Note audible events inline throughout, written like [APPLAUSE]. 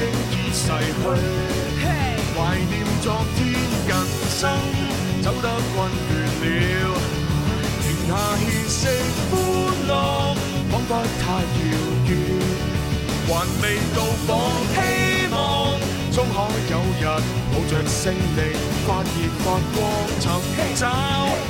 經已逝去，懷念昨天，人生走得困倦了，停下歇息，歡樂仿佛太遙遠，還未到放棄。終可有日，抱着勝利發熱發光，尋找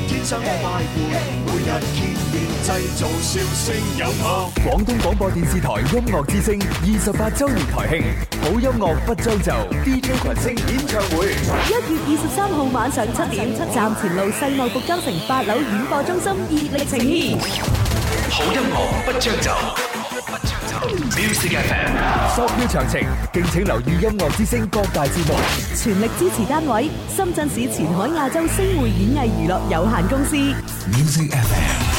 天生快活，每日天變製造笑聲，有我。廣東廣播電視台音樂之聲二十八周年台慶，好音樂不將就，DJ 群星演唱會，一月二十三號晚上七點，7 7站前路世貿服裝城八樓演播中心熱，熱力呈現，好音樂不將就。Music FM，索票詳情，敬請留意音樂之聲各大節目。全力支持單位：深圳市前海亞洲星匯演藝娛樂有限公司。Music FM。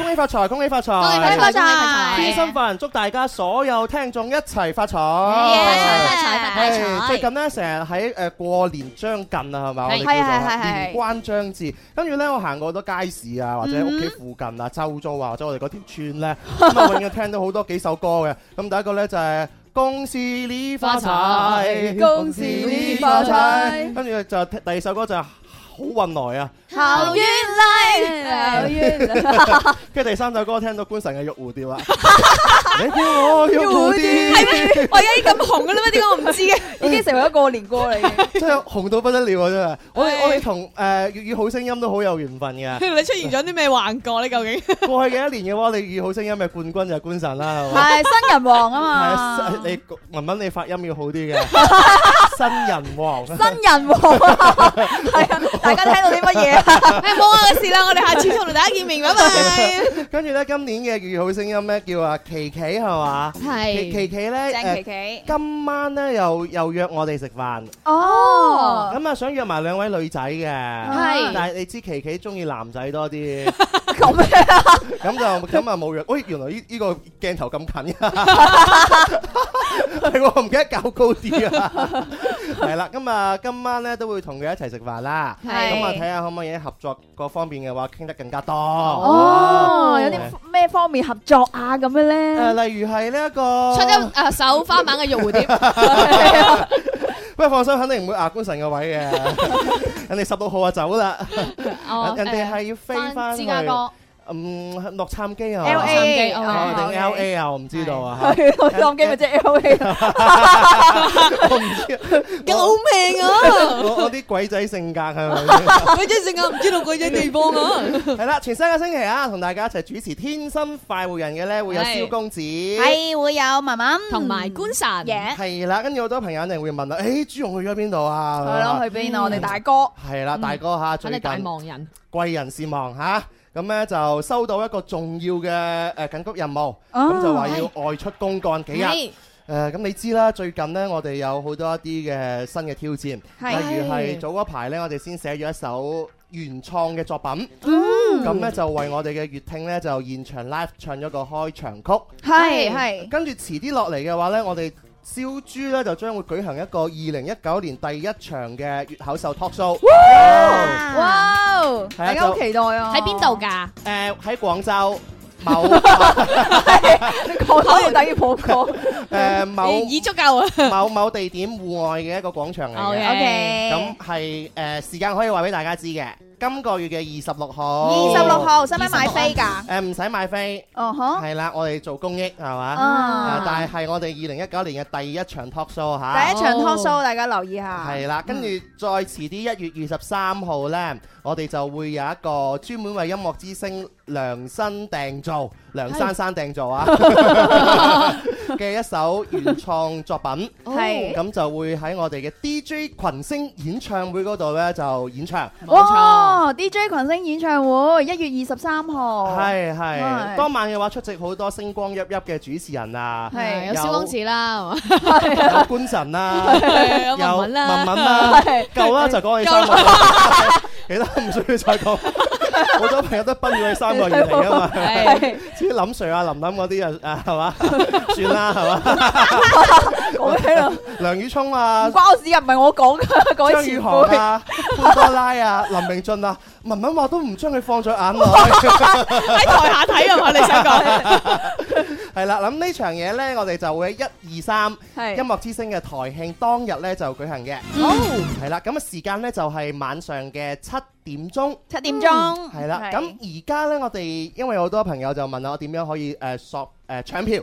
恭喜發財，恭喜發財，恭喜發財，恭喜發財！天生發人祝大家所有聽眾一齊發財！發財，發財，發財，最近咧成日喺誒過年將近啊，係咪？我哋叫做年關將至。跟住咧，我行過好多街市啊，或者屋企附近啊、周遭啊，或者我哋嗰條村咧，咁啊，永遠聽到好多幾首歌嘅。咁第一個咧就係《恭喜你發財》，恭喜你發財。跟住就第二首歌就係《好運來》啊！好絢麗，好絢麗。跟住第三首歌，聽到觀辰嘅玉蝴蝶啊！你叫我玉蝴蝶，係咪？我而家啲咁紅嘅啦咩？點解我唔知嘅？已經成為咗過年歌嚟嘅。真係紅到不得了啊！真係，我我哋同誒粵語好聲音都好有緣分嘅。譬如你出現咗啲咩幻覺，你？究竟？過去幾多年嘅話，你粵語好聲音嘅冠軍就係觀辰啦。係新人王啊嘛！係啊！你文文，你發音要好啲嘅。新人王，新人王啊！係啊！大家聽到啲乜嘢啊？冇我嘅事啦，我哋下次同大家見面，拜拜。跟住咧，今年嘅粵語好聲音咧，叫阿琪琪係嘛？係。琪琪咧，琪琪今晚咧又又約我哋食飯。哦。咁啊，想約埋兩位女仔嘅。係。但係你知琪琪中意男仔多啲。咁咩啊？咁就咁啊冇約。咦，原來呢呢個鏡頭咁近啊？係我唔記得搞高啲啊。係啦，咁啊今晚咧都會同佢一齊食飯啦。係。咁啊睇下可唔可以？合作嗰方面嘅話，傾得更加多哦。啊、有啲咩方面合作啊？咁樣咧？誒，例如係呢一個出一誒、呃、手花版嘅玉蝴蝶，不過放心，肯定唔會壓官神嘅位嘅。 [LAUGHS] 人哋十六號就走啦，哦、人哋係要飛翻芝加哥。呃嗯，洛杉磯啊，LA 定 LA 啊，我唔知道啊。洛杉磯咪即 LA 啊，我唔知。救命啊！我啲鬼仔性格係咪？鬼仔性格唔知道鬼仔地方啊。係啦，前三個星期啊，同大家一齊主持《天生快活人》嘅咧，會有肖公子，係會有文文，同埋觀辰嘅。係啦，跟住好多朋友一定會問啦，誒，朱雄去咗邊度啊？係咯，去邊啊？我哋大哥。係啦，大哥吓最近大忙人，貴人事忙吓。咁咧就收到一個重要嘅誒緊急任務，咁、oh, 就話要外出公幹幾日。誒咁、oh, yes. 呃、你知啦，最近呢我哋有好多一啲嘅新嘅挑戰，Yes. 例如係早嗰排呢我哋先寫咗一首原創嘅作品，咁呢、mm. 就為我哋嘅粵聽呢就現場 live 唱咗個開場曲。係係，跟住遲啲落嚟嘅話呢，我哋。小豬咧就將會舉行一個二零一九年第一場嘅粵口秀 talk show，哇，大家好期待啊！喺邊度噶？誒，喺廣州。某破土就等於破殼，誒，某已足夠。某某地點戶外嘅一個廣場嚟嘅，OK，咁係誒時間可以話俾大家知嘅，今個月嘅二十六號。二十六號使唔使買飛噶？誒，唔使買飛。哦呵。係啦，我哋做公益係嘛？啊。但係係我哋二零一九年嘅第一場 talk show 吓。第一場 talk show，大家留意下。係啦，跟住再遲啲一月二十三號咧。我哋就會有一個專門為音樂之星量身訂造、量身山訂造啊！ [LAUGHS] [LAUGHS] 嘅一首原創作品，係咁就會喺我哋嘅 D J 群星演唱會嗰度呢就演唱。冇錯，D J 群星演唱會一月二十三號，係係當晚嘅話出席好多星光熠熠嘅主持人啊，係有肖公子啦，有官神啦，有文文啦，夠啦就講起身，其他唔需要再講。好多朋友都不咗去三個月嚟啊嘛，至於林 Sir 啊、林琳嗰啲啊，啊係嘛，算啦係嘛，好啦，梁宇聰啊，唔關事又唔係我講啊，張宇航啊、潘多拉啊、林明俊啊，文文話都唔將佢放在眼內，喺 [LAUGHS] [LAUGHS] 台下睇啊嘛，你想講？ [LAUGHS] 係啦，咁呢場嘢呢，我哋就會喺一二三，係音樂之星嘅台慶當日呢就舉行嘅。好，係啦，咁啊時間呢就係、是、晚上嘅七點鐘，七點鐘，係啦。咁而家呢，我哋因為好多朋友就問我點樣可以誒、呃、索誒搶、呃、票。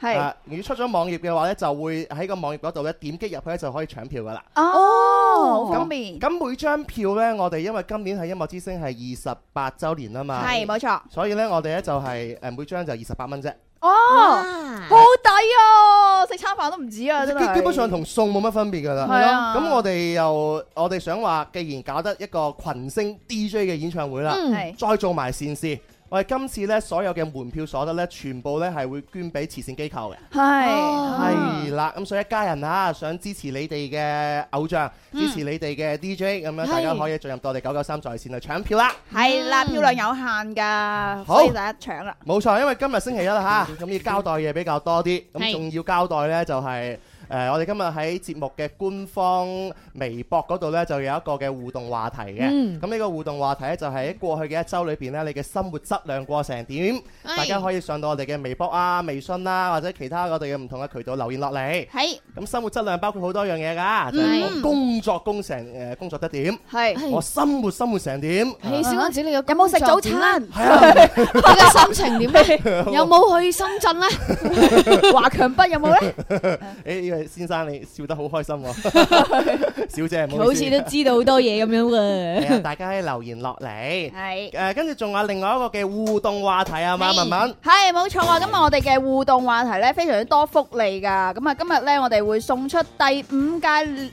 係是、呃，如果出咗網頁嘅話呢就會喺個網頁嗰度呢點擊入去呢就可以搶票噶啦。哦，好方便那，今年咁每張票呢，我哋因為今年係音樂之星係二十八週年啊嘛，係冇錯。所以呢、就是，我哋呢就係誒每張就二十八蚊啫。哦，哇是好抵啊！食餐飯都唔止啊，真係。基本上同送冇乜分別噶啦。係啊，咁我哋又我哋想話，既然搞得一個群星 DJ 嘅演唱會啦，嗯、是再做埋善事。我哋今次呢所有嘅門票所得呢，全部呢係會捐俾慈善機構嘅。係係啦，咁、哦、所以一家人吓、啊，想支持你哋嘅偶像，支持你哋嘅 DJ，咁樣、嗯、大家可以進入到我哋九九三在線啊，搶票啦！係啦，票量有限㗎，嗯、所以大家搶啦。冇錯，因為今日星期一啦、啊、嚇，咁要交代嘢比較多啲，咁仲、嗯、要交代呢，就係、是。誒，我哋今日喺節目嘅官方微博嗰度咧，就有一個嘅互動話題嘅。咁呢個互動話題咧，就喺過去嘅一週裏邊咧，你嘅生活質量過成點？大家可以上到我哋嘅微博啊、微信啦，或者其他我哋嘅唔同嘅渠道留言落嚟。係。咁生活質量包括好多樣嘢㗎，我工作工成誒工作得點？係。我生活生活成點？肖公子你要有冇食早餐？係啊。個心情點咧？有冇去深圳咧？華強北有冇咧？誒。先生你笑得好開心， [LAUGHS] 小姐 [LAUGHS] 好似都知道好多嘢咁 [LAUGHS] 樣嘅。係啊，大家可以留言落嚟。係，跟住仲有另外一個嘅互動話題啊嘛，文文 [LAUGHS] 是。係，冇錯啊！今日我哋嘅互動話題呢，非常之多福利噶。咁啊，今日呢，我哋會送出第五屆。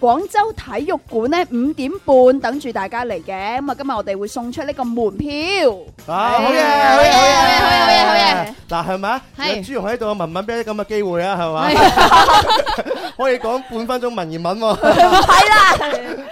廣州體育館咧五點半等住大家嚟嘅，咁啊今日我哋會送出呢個門票，好嘢，好嘢，好嘢，好嘢，好嘢，好嘢，嗱係咪啊？係朱融喺度文文俾啲咁嘅機會啊，係嘛，可以講半分鐘文言文，係啦，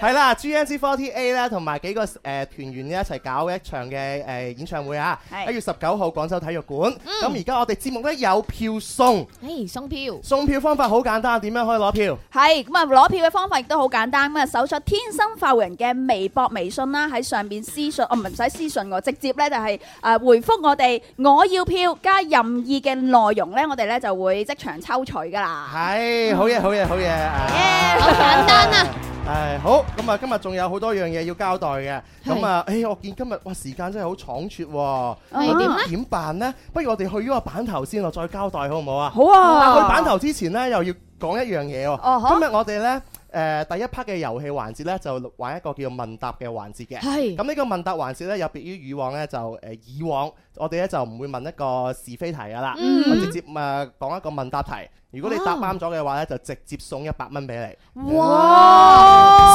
係啦，G N C Forty A 咧同埋幾個誒團員咧一齊搞一場嘅誒演唱會啊，一月十九號廣州體育館，咁而家我哋節目咧有票送，誒送票，送票方法好簡單，點樣可以攞票？係咁啊，攞票嘅方法。亦都好簡單咁啊！搜索天生發人嘅微博、微信啦，喺上邊私信，哦唔使私信我，直接咧就係誒回覆我哋我要票加任意嘅內容咧，我哋咧就會即場抽取噶啦。係，好嘢，好嘢，好嘢。好簡單啊！係好，咁啊今日仲有好多樣嘢要交代嘅，咁啊，哎我見今日哇時間真係好倉促，點點辦呢？不如我哋去咗個板頭先，我再交代好唔好啊？好啊！但去板頭之前咧，又要講一樣嘢喎。今日我哋咧。誒、呃、第一 part 嘅遊戲環節呢，就玩一個叫問答嘅環節嘅。係是。咁呢個問答環節呢，有別於以往呢，就誒、呃、以往我哋呢，就唔會問一個是非題㗎喇，嗯嗯，我直接誒、呃、講一個問答題。如果你答啱咗嘅話咧，就直接送一百蚊俾你。哇！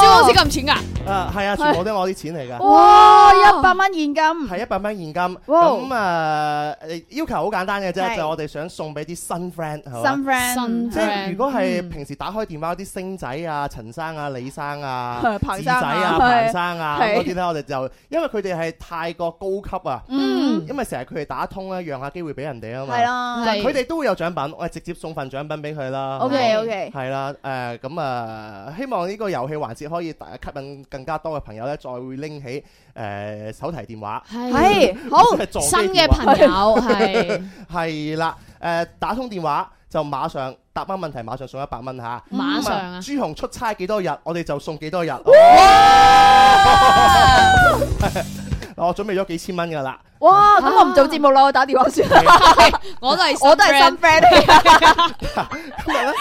燒 h o 咁錢噶？啊，係啊，全部都我啲錢嚟嘅。哇！一百蚊現金。係一百蚊現金。咁啊，要求好簡單嘅啫，就我哋想送俾啲新 friend，係新 friend，即係如果係平時打開電話啲星仔啊、陳生啊、李生啊、子仔啊、彭生啊嗰啲咧，我哋就因為佢哋係太過高級啊，因為成日佢哋打通咧，讓下機會俾人哋啊嘛。係啦，佢哋都會有獎品，我哋直接送份獎。分俾佢啦，OK OK，係啦、嗯，誒，咁啊，希望呢個遊戲環節可以大吸引更加多嘅朋友咧，再會拎起誒、呃、手提電話，係好新嘅朋友，係係啦，誒、呃，打通電話就馬上答翻問題，馬上送一百蚊吓，馬上啊，朱紅出差幾多日，我哋就送幾多日，哇 [LAUGHS] [LAUGHS] 我準備咗幾千蚊噶啦。哇！咁我唔做節目啦，我打電話算。我都係我都係新 friend 嚟。今日咧，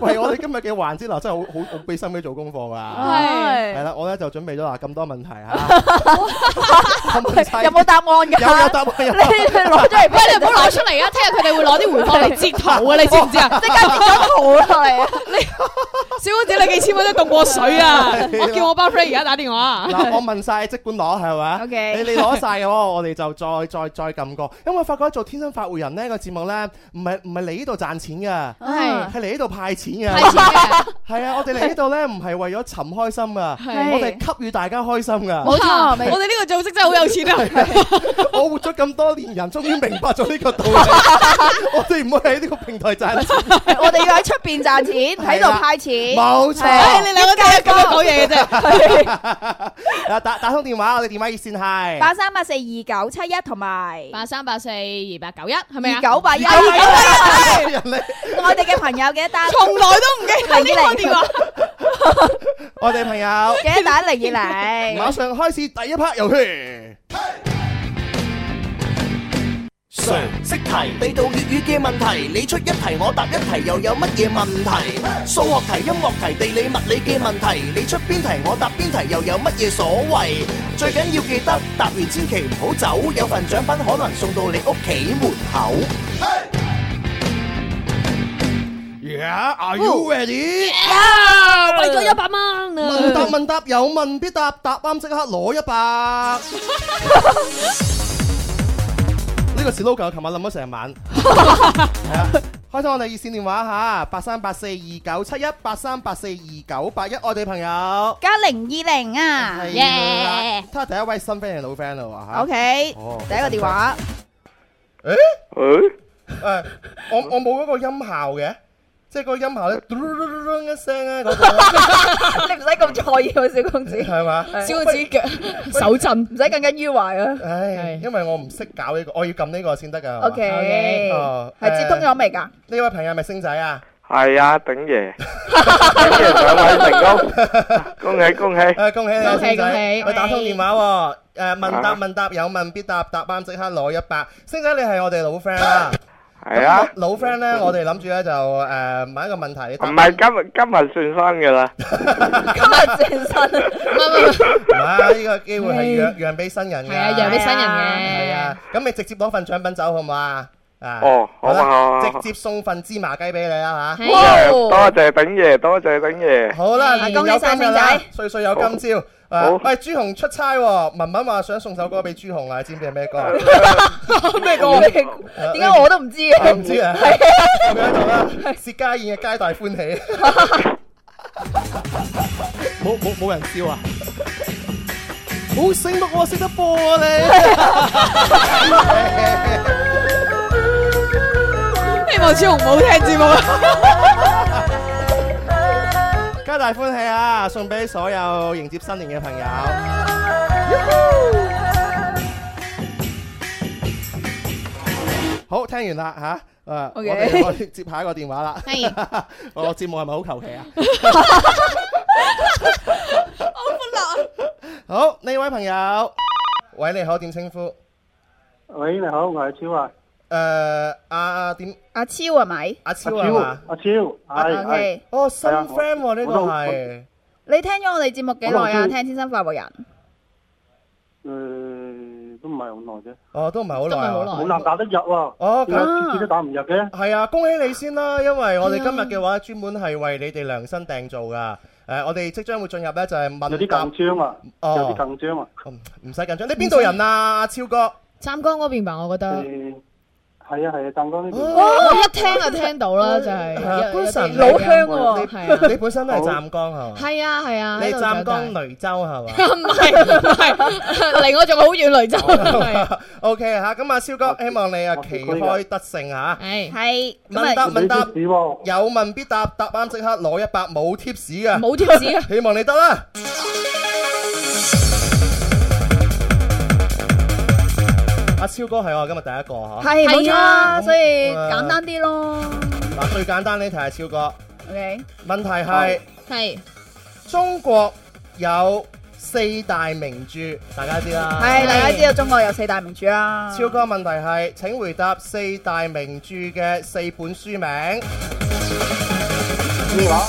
喂，我哋今日嘅環節嗱，真係好好好俾心機做功課噶。係啦，我咧就準備咗啦咁多問題吓。有冇答案噶？有有答案。你攞出嚟？喂，你唔好攞出嚟啊！聽日佢哋會攞啲回放嚟截圖噶，你知唔知啊？即刻截咗圖落嚟啊！肖公子，你幾千蚊都凍過水啊！我叫我班 friend 而家打電話。嗱，我問晒，即管攞係嘛？O K，你你攞晒。我哋就再再再撳過，因為我發覺做天生發戶人呢個節目咧，唔係唔係嚟呢度賺錢噶，係嚟呢度派錢噶，係啊！我哋嚟呢度咧唔係為咗尋開心啊，我哋係給予大家開心噶。冇錯。我哋呢個組織真係好有錢啊！我活咗咁多年人，終於明白咗呢個道理。我哋唔會喺呢個平台賺錢，我哋要喺出邊賺錢，喺度派錢。冇錯。你兩個第一個講嘢嘅啫。打打通電話，我哋電話熱線係八三四二九七一同埋八三八四二八九一係咪啊？九八一，九八一，我哋嘅朋友嘅單，從 [LAUGHS] 來都唔記得個。零零，我哋朋友嘅 [LAUGHS] 單零二零， [LAUGHS] 馬上開始第一 part 遊戲。Hey! 常識題，地道粵語嘅問題，你出一題我答一題，又有乜嘢問題？數學題、音樂題、地理、物理嘅問題，你出邊題我答邊題，又有乜嘢所謂？最緊要記得答完千祈唔好走，有份獎品可能送到你屋企門口。Yeah，are you ready？啊，為咗一百蚊啊！問答問答有問必答，答啱即刻攞一百。呢個小 logo 琴日諗咗成晚，係 [LAUGHS] 啊，開通我哋熱線電話嚇，八三八四二九七一八三八四二九八一，外地朋友加零二零啊，耶、啊！睇下 Yeah.、啊、第一位新 friend 定老 friend 咯 OK，第一個電話，誒，誒、欸啊，我我冇嗰個音效嘅。即係個音效咧，嘟隆隆隆隆一聲咧，嗰個你唔使咁在意，小公子係嘛？小公子腳手震，唔使耿耿於懷啊！唉，因為我唔識搞呢個，我要撳呢個先得㗎！OK，係接通咗未㗎？呢位朋友係咪星仔啊？係啊，頂嘢！頂嘢，兩位成功，恭喜恭喜！誒，恭喜你，星仔！我打通電話喎，誒問答問答有問必答，答啱即刻攞一百。星仔，你係我哋老 friend 啊！係啊，老 friend 咧，我哋諗住咧就誒問、呃、一個問題。唔係今今日算生噶啦，今日算生，唔唔唔，啊呢個機會係讓讓俾新人嘅、啊，係啊讓俾新人嘅、啊，係啊咁你直接攞份獎品走好唔好啊？哦，好啊，直接送份芝麻雞俾你啦吓，多謝炳爺，多謝炳爺。好啦，恭喜晒你，歲歲有今朝。喂，朱紅出差，文文話想送首歌俾朱紅啊，知唔知係咩歌？咩歌？點解我都唔知嘅？唔知啊。咁樣做啦，薛家燕嘅《皆大歡喜》。冇冇冇人笑啊！好醒目喎，識得播你。莫超雄唔好聽節目啦，家大歡喜啊！送俾所有迎接新年嘅朋友。好，聽完啦吓，誒，我哋接下一個電話啦。我節目係咪好求其啊？好歡樂啊！好，呢位朋友，喂，你好，點稱呼？喂，你好，我係超華。誒，阿阿點阿超係咪？阿超啊嘛，阿超係係哦，新 friend 呢個係。你聽咗我哋節目幾耐啊？聽天生發布人誒，都唔係好耐啫。哦，都唔係好耐，好難打得入喎。哦，幾幾得打唔入嘅。係啊，恭喜你先啦，因為我哋今日嘅話專門係為你哋量身訂做噶。誒，我哋即將會進入咧，就係問有啲緊張啊，有啲緊張啊，唔使緊張。你邊度人啊，阿超哥？湛江嗰邊吧，我覺得。係啊係啊，湛江呢邊哦，一聽就聽到啦，就係。官神老鄉喎，你本身都係湛江嚇。係啊係啊，你湛江雷州嚇嘛？唔係唔係，離我仲好遠雷州。O K 嚇，咁啊，肖哥希望你啊旗開得勝嚇。係。問答問答，有問必答，答啱即刻攞一百，冇貼士嘅。冇貼士，希望你得啦。阿、啊、超哥係我今日第一個吓，係冇錯，啊、所以、嗯、簡單啲咯。嗱、啊，最簡單呢題超哥，OK？問題係係、oh. 中國有四大名著，大家知啦，係大家知啊。中國有四大名著啦、啊。超哥問題係，請回答四大名著嘅四本書名。邊個國？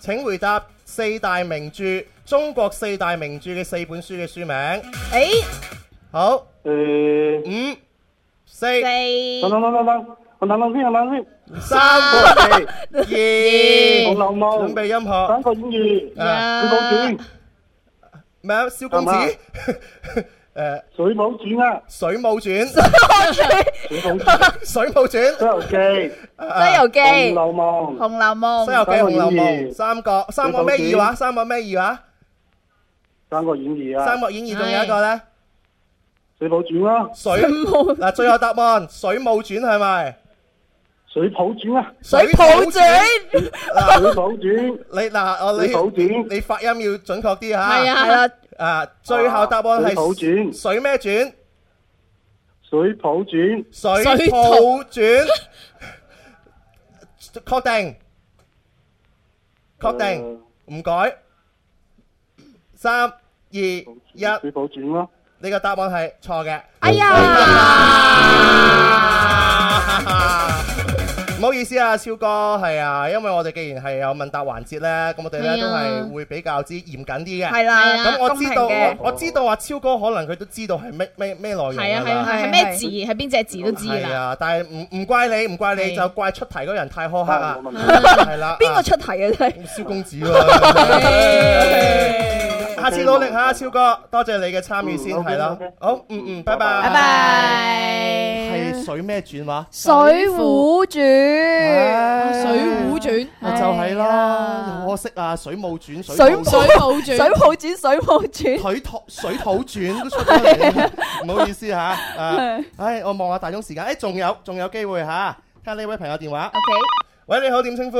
請回答四大名著，中國四大名著嘅四本書嘅書名。誒、欸。好，誒，五、四，等等等等等，我等等先，我等先。三、四、二，紅樓夢，準備音樂。三國演義，水滸傳，咩啊？肖公子，誒，水滸傳啊，水滸傳，水滸傳，水滸傳，西遊記，西遊記，紅樓夢，紅樓夢，西遊記，紅樓夢，三國，三國咩二話？三國咩二話？三國演義啊，三國演義仲有一個咧。水泡轉啦！水嗱，最後答案水母轉係咪？水泡轉啦！水泡轉，水泡轉，你嗱我你你發音要準確啲吓。係啊係啦。啊，最後答案係水咩轉？水泡轉。水泡轉。確定。確定。唔改。三二一。水泡轉咯。你個答案係錯嘅。Oh. 哎呀！哎呀！唔好意思啊，超哥，係啊，因為我哋既然係有問答環節咧，咁我哋咧都係會比較之嚴謹啲嘅。係啦，咁我知道，我知道啊超哥可能佢都知道係咩咩咩內容係啊係啊係，係咩字，係邊隻字都知噶啊，但係唔唔怪你，唔怪你，就怪出題嗰人太苛刻啦。係啦，邊個出題嘅？真係，肖公子喎。下次努力下，超哥，多謝你嘅參與先，係啦，好，嗯嗯，拜拜，拜拜。係水咩傳話？水滸傳。水滸傳就係啦，可惜啊，水滸傳水水滸傳水滸傳水滸傳水土水土傳都出咗嚟，唔好意思吓，唉，我望下大鐘時間，誒，仲有仲有機會吓，聽下呢位朋友電話。OK，喂，你好，點稱呼？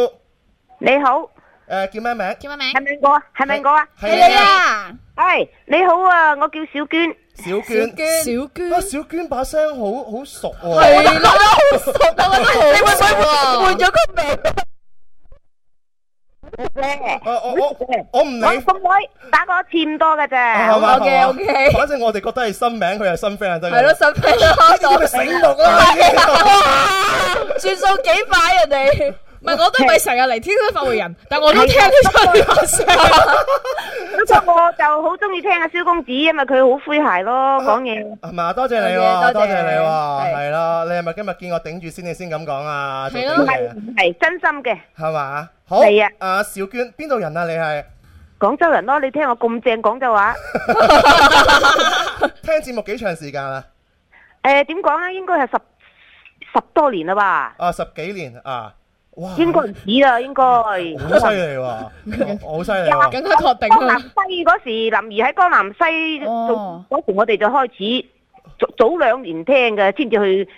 你好，誒，叫咩名？叫咩名？係咪我？係咪我啊？係你啊？係你好啊，我叫小娟。小娟，小娟，啊，小娟把聲好好熟喎。係啦，好熟，我覺得你會唔會換咗個名？唔理，我我我唔理。各位打過咁多嘅啫。OK OK。反正我哋覺得係新名，佢係新 friend 真係。係咯，新 friend 咯。死落啦！轉數幾快人哋。唔係我都咪成日嚟《天官報回人》，但我都聽得出嘅。冇錯，我就好中意聽阿肖公子，因為佢好詼諧咯，講嘢。係嘛？多謝你，多謝你，係咯。你係咪今日見我頂住先，你先咁講啊？係咯，係係真心嘅，係嘛，好。係啊。阿邵娟，邊度人啊？你係廣州人咯？你聽我咁正廣州話。聽節目幾長時間啊？誒，點講咧？應該係十十多年啦吧。啊，十幾年啊。哇應該唔止啦， [LAUGHS] 應該好犀利喎，我好犀利啊！更加確定啦，江南西嗰時，林怡喺江南西做嗰時，哦，我哋就開始早兩年聽嘅，先至去。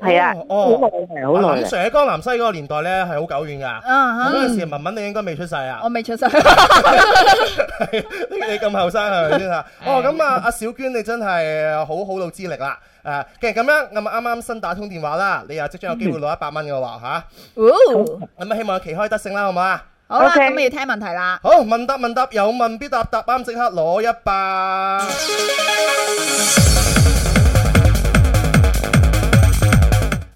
係啊，好耐，係好耐。咁除喺江南西嗰個年代咧，係好久遠噶。啊哈，嗰陣時文文你應該未出世啊。我未出世，你咁後生係咪先啊？哦，咁啊，阿小娟你真係好好腦之力啦。誒，既然咁樣，咁啱啱新打通電話啦，你又即將有機會攞一百蚊嘅話吓。哦，咁希望有旗開得勝啦，好唔好？好啦，咁要聽問題啦。好，問答問答有問必答，答啱即刻攞一百。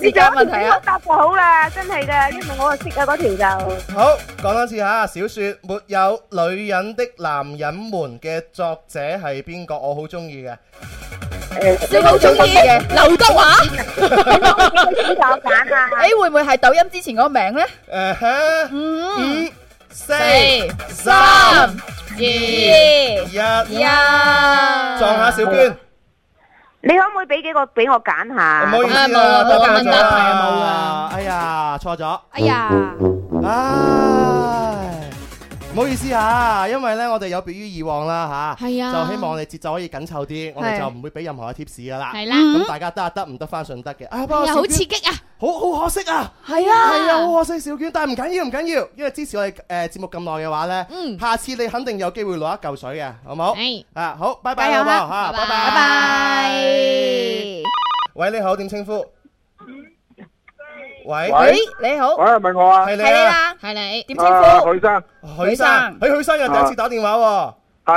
時間問題啊！答就好啦，真係嘅，因為我啊識啊嗰條就好講多次吓。小說《沒有女人的男人們》嘅作者係邊個？我好中意嘅，你好中意嘅劉德華。我揀下，哎，會唔會係抖音之前嗰個名咧？誒，哈，五、四、三、二、一、一，撞下小娟。你可唔可以俾幾個俾我揀下？唔好意思啊，冇啊，多謝、啊、問啦。哎呀，錯咗。哎呀，唉。唔好意思嚇，因為咧我哋有別於以往啦嚇，就希望我哋節奏可以緊湊啲，我哋就唔會俾任何嘅貼士噶啦。係啦，咁大家都係得唔得翻順德嘅？啊，不過好刺激啊！好好可惜啊！係啊！係啊！好可惜小卷，但係唔緊要唔緊要，因為支持我哋誒節目咁耐嘅話咧，下次你肯定有機會攞一嚿水嘅，好冇？係啊！好，拜拜嚇，拜拜拜拜。喂，你好，點稱呼？喂，喂，你好，喂，係咪我啊？係你，係你啊，係你，點稱呼？許生，許生，許許生又第一次打電話喎，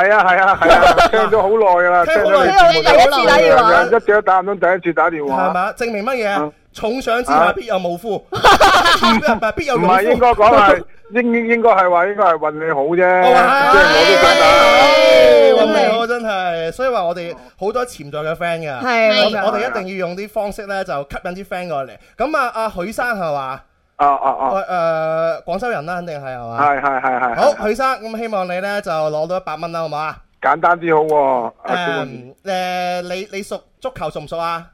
係啊，係啊，係啊，聽咗好耐啦，聽咗好耐，第一次打電話，一屌打唔通，第一次打電話，係嘛？證明乜嘢？重賞之下必有無夫，唔係必有無夫，唔係應該講係應應應該係話應該係運氣好啫，即係我都想打。真係，所以話我哋好多潛在嘅 friend 嘅，我我哋一定要用啲方式咧就吸引啲 friend 過嚟。咁啊，阿許生係嘛？啊，啊，啊，誒、啊，廣、啊呃、州人啦、啊，肯定係係嘛？係係係係。好，許生，咁、嗯、希望你咧就攞到一百蚊啦，好唔好啊？簡單啲好。誒，誒，你你熟足球熟唔熟啊？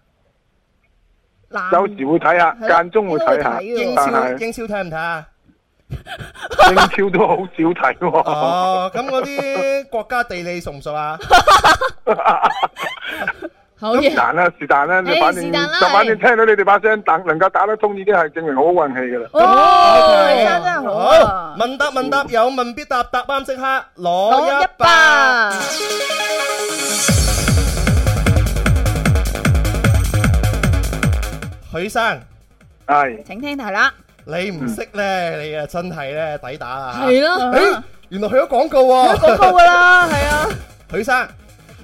有時會睇啊，間的中會睇下，英超英超睇唔睇啊？是英超都好少睇哦。咁嗰啲國家地理熟唔熟啊？好難啦，是但啦。你反正就反正聽到你哋把聲，等能夠打得通，已經係證明好運氣噶啦。哦，真係好。問答問答有問必答，答啱即刻，攞一百。許生係，請聽題啦。你唔識咧，你啊真係咧抵打啦！係咯，誒，原來去咗廣告喎，咗廣告噶啦，係啊。許生，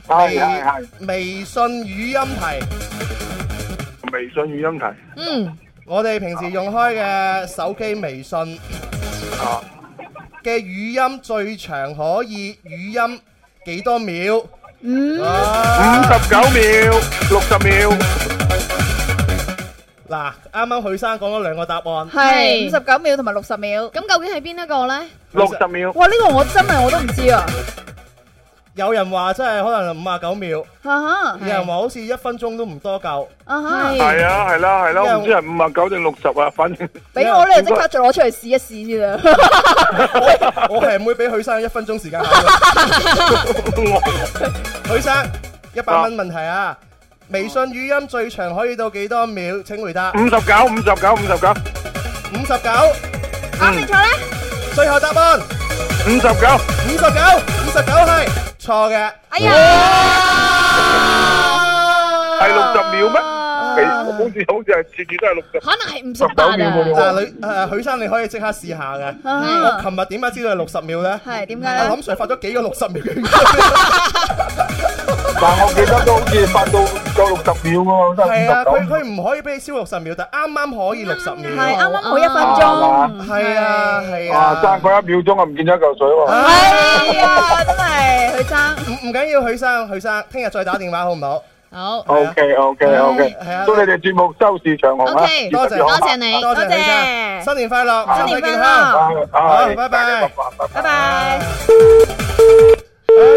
係係係，微信語音題，微信語音題，嗯，我哋平時用開嘅手機微信，嘅語音最長可以語音幾多秒？五五十九秒，六十秒。嗱，啱啱許生講咗兩個答案，係五十九秒同埋六十秒。咁究竟係邊一個咧？六十秒。哇，呢個我真係我都唔知啊！有人話真係可能五啊九秒，有人話好似一分鐘都唔多夠。啊哈，係啊，係啦，係啦，總之係五啊九定六十啊，反正。俾我咧，即刻再攞出嚟試一試先啦。我係唔會俾許生一分鐘時間。許生，一百蚊問題啊！微信語音最長可以到幾多秒？請回答。五十九，五十九，五十九，五十九。啊，唔錯咧。最後答案。五十九，五十九，五十九係錯嘅。哎呀，係六十秒咩？好似好似係次次都係六十，可能係五十八啊！啊，許生你可以即刻試下嘅。我琴日點解知道係六十秒咧？係點解咧？林 Sir 發咗幾個六十秒嘅？但係我記得都好似發到夠六十秒喎，真係。係啊，佢佢唔可以俾你燒六十秒，但係啱啱可以六十秒，係啱啱好一分鐘，係啊，係啊！啊，爭過一秒鐘啊，唔見咗一嚿水喎！係啊，真係許生。唔唔緊要，許生，許生，聽日再打電話好唔好？好，OK，OK，OK，祝你哋節目收視長虹啊！多謝，多謝你，多謝，新年快樂，新年健康，拜拜，拜拜。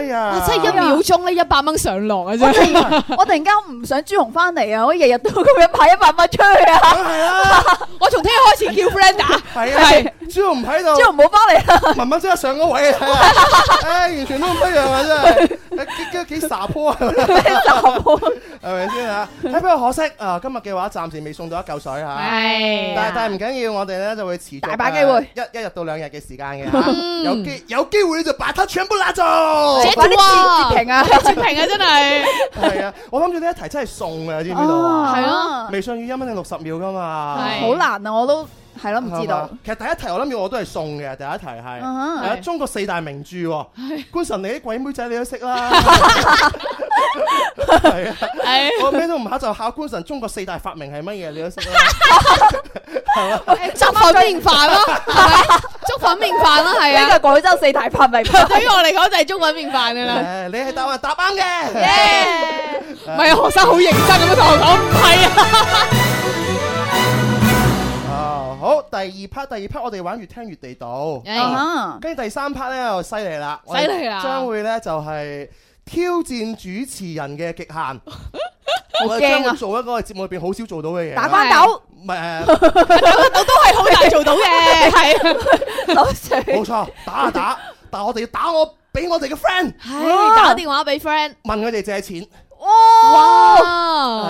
哎呀，真係一秒鐘呢，一百蚊上落啊！真係，我突然間唔想朱紅翻嚟啊！我日日都咁樣派一百蚊出去啊！係啦，我從聽日開始叫 friend 打，係啊，朱紅唔喺度，朱紅唔好翻嚟啊！慢慢先上個位啊！哎，完全都唔一樣啊！真係。幾幾幾傻坡啊！咩傻坡？係咪先吓？不過可惜啊！今日嘅話暫時未送到一嚿水吓，但 [LAUGHS] 但係唔緊要，我哋咧就會持續大把機會，一一日到兩日嘅時間嘅、啊，有機有機會你就把牠全部攞咗，而且仲截截屏啊，截屏啊真係。係 [LAUGHS] [LAUGHS] 啊，我諗住呢一題真係送嘅，知唔知道？係咯、啊。微信語音一定六十秒噶嘛。係對。好難啊！我都。係咯，唔知道。其實第一題我諗住我都係送嘅，第一題係，係中國四大名著。觀辰，你啲鬼妹仔你都識啦，係啊。我咩都唔考就考觀辰。中國四大發明係乜嘢？你都識。係嘛？粥粉麵飯咯，粥粉麵飯咯，係啊。呢個廣州四大發明，對於我嚟講就係粥粉麵飯噶啦。你係搭班嘅，唔係啊？學生好認真咁同我講，係啊。好，第二 part，第二 part 我哋玩越聽越地道，跟住、嗯、第三 part 咧又犀利啦，犀利啦，將會咧就係挑戰主持人嘅極限， [LAUGHS] 怕啊、我驚啊，做一個節目裏邊好少做到嘅嘢，打翻斗，唔係打翻斗都係好難做到嘅，係冇錯，打啊打， [LAUGHS] 但係我哋要打我俾我哋嘅 friend，打電話俾 friend 問佢哋借錢。哇哇，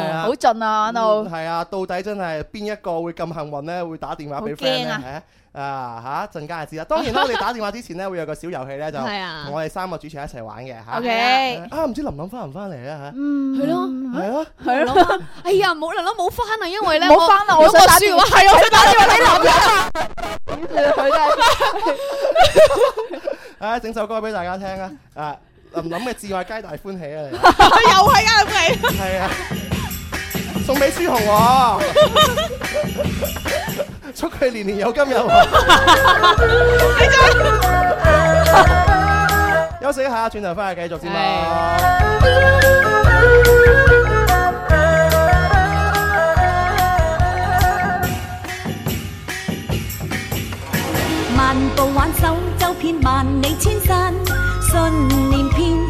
係啊，好盡啊喺度。係啊，到底真係邊一個會咁幸運咧？會打電話俾 friend 係咪？啊吓一陣間就知啦。當然啦，我哋打電話之前咧會有個小遊戲咧，就我哋三個主持一齊玩嘅吓。OK。啊，唔知琳琳翻唔翻嚟咧吓？嗯，係咯，係咯，係咯。哎呀，冇琳琳冇翻啊，因為咧我我想打電話，係我打電話俾琳琳啊。你佢真係。哎，整首歌俾大家聽啊！啊。林林嘅至愛皆大歡喜啊！你又係啊！你係啊！送俾書鴻，祝佢年年有今日。休息一下，轉頭翻去繼續先啦。漫步挽手，走遍萬里千山，信念。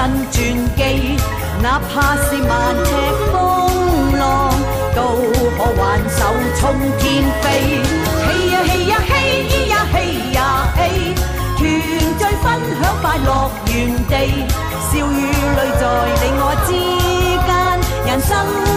新轉機，哪怕是萬尺風浪，都可挽手衝天飛。起呀起呀起呀起呀起，團聚分享快樂，原地，笑與淚，在你我之間，人生。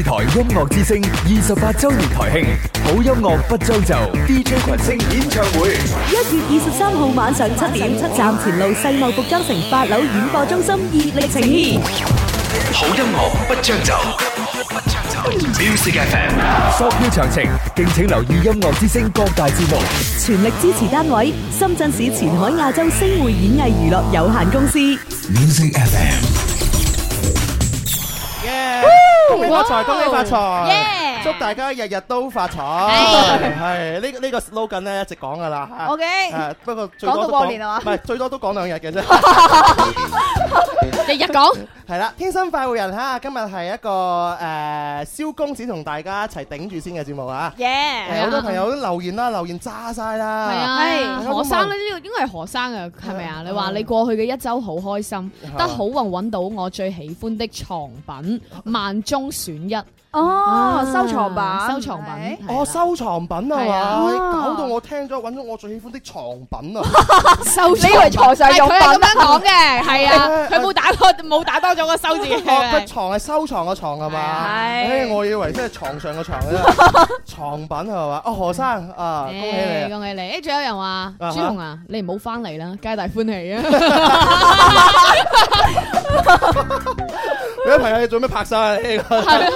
電台音樂之聲二十八周年台慶，好音樂不將就，DJ 群星演唱會，一月二十三號晚上七點，七站前路世貿服裝城八樓演播中心，熱力呈現。好音樂不將就，Music FM，索票詳情，敬請留意音樂之聲各大節目。全力支持單位：深圳市前海亞洲星匯演藝娛樂有限公司。Music FM。發財，恭喜發財！Yeah. 祝大家日日都發財。係、這個這個、呢呢個 slogan 咧，一直講噶啦。O Okay . K、啊、不過最多都講到過年啊嘛，唔係最多都講兩日嘅啫。 [LAUGHS] [LAUGHS] [LAUGHS] 日講係啦，天生快活人哈！今日係一個誒，肖公子同大家一齊頂住先嘅節目啊！耶！好多朋友都留言啦，留言渣晒啦。係啊，何生咧呢個應該係何生啊？係咪啊？你話你過去嘅一周好開心，得好運揾到我最喜歡的藏品，萬中選一哦！收藏品，收藏品哦！收藏品係嘛？搞到我聽咗揾到我最喜歡的藏品啊！收藏品，佢係咁樣講嘅，係啊，佢冇打。 [LAUGHS] 我冇打多咗個收字。哦、啊，喂床係收藏個床係嘛？係。誒，我以為即係床上個床咧。 [LAUGHS] 床品係嘛？哦，何生。啊欸、恭誒、欸，恭喜你。誒、欸，仲有人話朱、啊、紅啊，麼你唔好翻嚟啦，皆大歡喜啊。你啲朋友你做咩拍晒、啊？曬？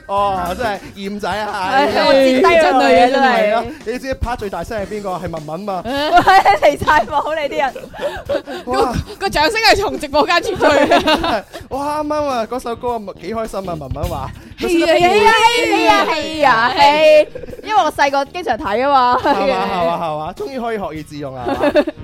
[LAUGHS] 哦，真係燕 [LAUGHS] 仔啊！哎、 [LAUGHS] 真係是真女嘢真係是，真是你知 [LAUGHS] 拍最大聲係邊個？係文文嘛、啊！嚟曬，冇你啲人。哇！個掌聲係從直播間傳去嘅。哇！啱啱啊，嗰首歌幾開心啊！文文話。係啊，係啊，係啊，係，因為我細個經常睇啊嘛，係啊，係啊，係啊，終於可以學以致用啦。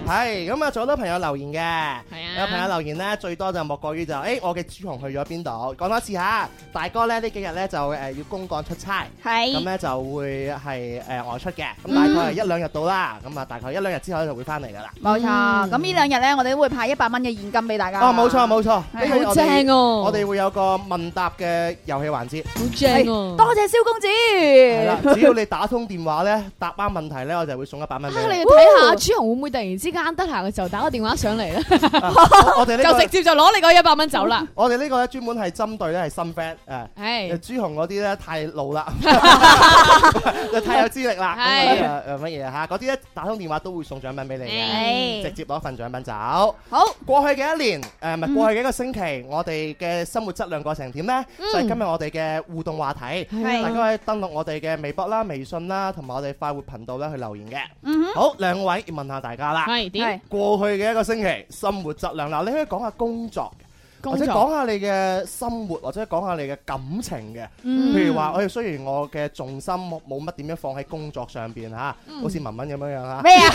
係，咁啊，仲有好多朋友留言嘅，有朋友留言咧，最多就莫過於就誒，我嘅朱紅去咗邊度？講多次吓，大哥咧呢幾日咧就誒要公幹出差，係，咁咧就會係誒外出嘅，咁大概係一兩日到啦，咁啊大概一兩日之後就會翻嚟噶啦。冇錯，咁呢兩日咧我哋都會派一百蚊嘅現金俾大家。哦，冇錯冇錯，你好正哦，我哋會有個問答嘅遊戲環節。好正，多謝蕭公子。係，只要你打通電話咧，答啱問題咧，我就會送一百蚊俾你。吓，你睇下朱紅會唔會突然之間得閒嘅時候打個電話上嚟咧？我哋就直接就攞你嗰一百蚊走啦。我哋呢個咧專門係針對咧係新 friend 誒，誒朱紅嗰啲咧太老啦，太有資歷啦，係乜嘢吓？嗰啲咧打通電話都會送獎品俾你嘅，直接攞份獎品走。好，過去嘅一年誒，唔係過去幾個星期，我哋嘅生活質量過程點咧？就係今日我哋嘅。誒，互動話題，係大家可以登錄我哋嘅微博啦、微信啦，同埋我哋快活頻道咧去留言嘅。好，兩位要問下大家啦，係點？過去嘅一個星期，生活質量，嗱，你可以講下工作，或者講下你嘅生活，或者講下你嘅感情嘅。譬如話，我雖然我嘅重心冇乜點樣放喺工作上邊吓，好似文文咁樣樣啊。咩啊？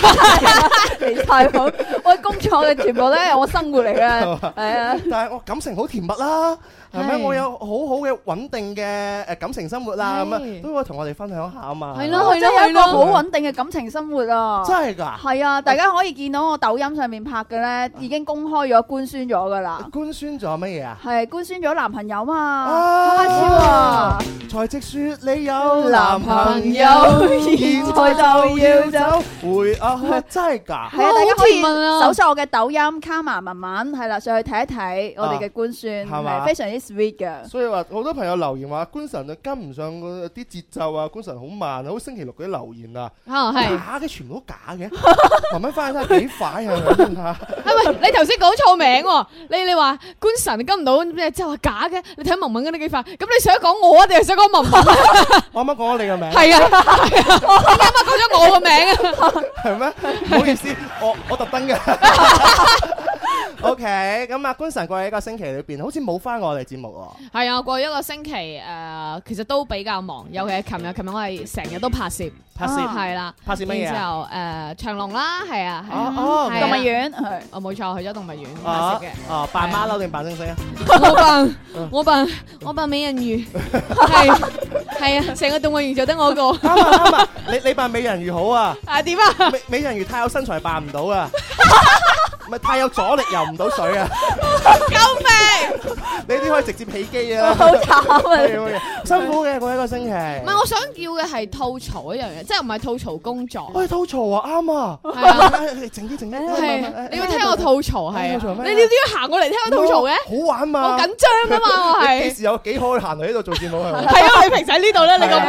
唔好，我工作我哋全部咧，我生活嚟嘅，係啊。但係我感情好甜蜜啦。係咪我有好好嘅穩定嘅誒感情生活啦？咁啊，都可以同我哋分享下啊嘛！係咯，係咯，係一個好穩定嘅感情生活啊！真係㗎！係啊，大家可以見到我抖音上面拍嘅咧，已經公開咗官宣咗㗎啦！官宣咗乜嘢啊？係官宣咗男朋友嘛？阿超啊！才直説你有男朋友，現在就要走回阿真係㗎！係啊，大家可以問啊搜索我嘅抖音卡嘛，文文係啦，上去睇一睇我哋嘅官宣係咪？非常之～所以話好多朋友留言話觀辰跟唔上啲節奏啊，觀辰好慢，好星期六嗰啲留言啊，假嘅全部都假嘅，慢慢翻去睇下幾快啊，吓！哎喂，你頭先講錯名，你你話觀辰跟唔到咩，即係話假嘅，你睇文文跟得幾快，咁你想講我啊，定係想講文文？我啱啱講咗你個名，係啊，啱啱講咗我個名啊，係咩？唔好意思，我我特登嘅。O K，咁啊，觀辰過一個星期裏邊，好似冇返我哋節目喎。係啊，過一個星期誒，其實都比較忙，尤其係琴日，琴日我係成日都拍攝，拍攝係啦，拍攝乜嘢之後誒，長隆啦，係啊，係啊，動物園，哦冇錯，去咗動物園拍攝嘅，哦扮馬騮定扮星星啊？我扮我扮我扮美人魚，係係啊，成個動物園就得我個。你你扮美人魚好啊？係點啊？美美人魚太有身材扮唔到啊！唔係太有阻力游唔到水啊！救命！你啲可以直接起機啊！好慘啊！辛苦嘅過一個星期。唔係我想叫嘅係吐槽一樣嘢，即係唔係吐槽工作。可吐槽啊！啱啊！係靜啲，靜啲。你要聽我吐槽係你要點行過嚟聽我吐槽嘅？好玩嘛！我緊張㗎嘛！我係。幾時有幾開行嚟呢度做節目係啊？係啊！你平時喺呢度咧，你咁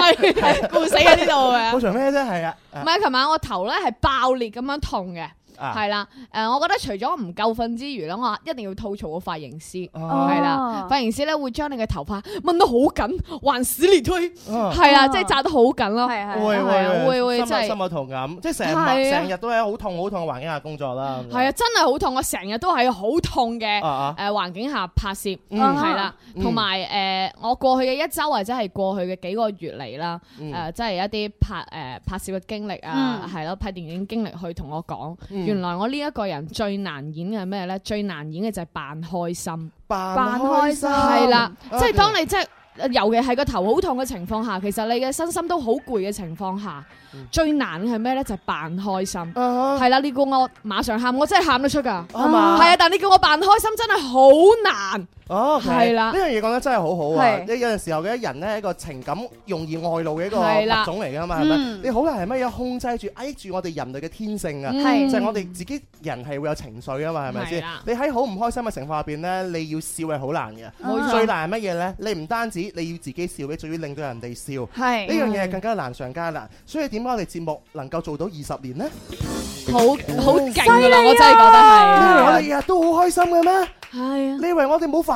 咪！會死喺呢度嘅。吐槽咩啫？係啊。唔係琴晚我頭咧係爆裂咁樣痛嘅。係啦，誒，我覺得除咗唔夠瞓之餘咧，我一定要吐槽個髮型師，係啦，髮型師咧會將你嘅頭髮掹得好緊，萬使裂推，係啊，即係扎得好緊咯，會會會，真係心有同感，即係成日成日都喺好痛好痛嘅環境下工作啦，係啊，真係好痛，我成日都喺好痛嘅，誒環境下拍攝係啦，同埋誒我過去嘅一周或者係過去嘅幾個月嚟啦，誒，即係一啲拍誒拍攝嘅經歷啊，係咯，拍電影經歷去同我講。原來我呢一個人最難演嘅係咩呢？最難演嘅就係扮開心，扮開心係啦。即係當你即係，尤其係個頭好痛嘅情況下，其實你嘅身心都好攰嘅情況下，嗯、最難嘅係咩呢？就係、是、扮開心。係啦、uh huh.，你叫我馬上喊，我真係喊得出噶，係、uh huh. 啊。但係你叫我扮開心，真係好難。哦，係啦，呢樣嘢講得真係好好啊！你有陣時候嘅人咧，一個情感容易外露嘅一個物種嚟噶嘛，係咪？你好難係乜嘢控制住？住我哋人類嘅天性啊，就係我哋自己人係會有情緒噶嘛，係咪先？你喺好唔開心嘅情況下邊咧，你要笑係好難嘅。最難係乜嘢咧？你唔單止你要自己笑，你仲要令到人哋笑。呢樣嘢更加難上加難。所以點解我哋節目能夠做到二十年呢？好好勁啦！我真係覺得係。我哋日日都好開心嘅咩？係。你以為我哋冇發？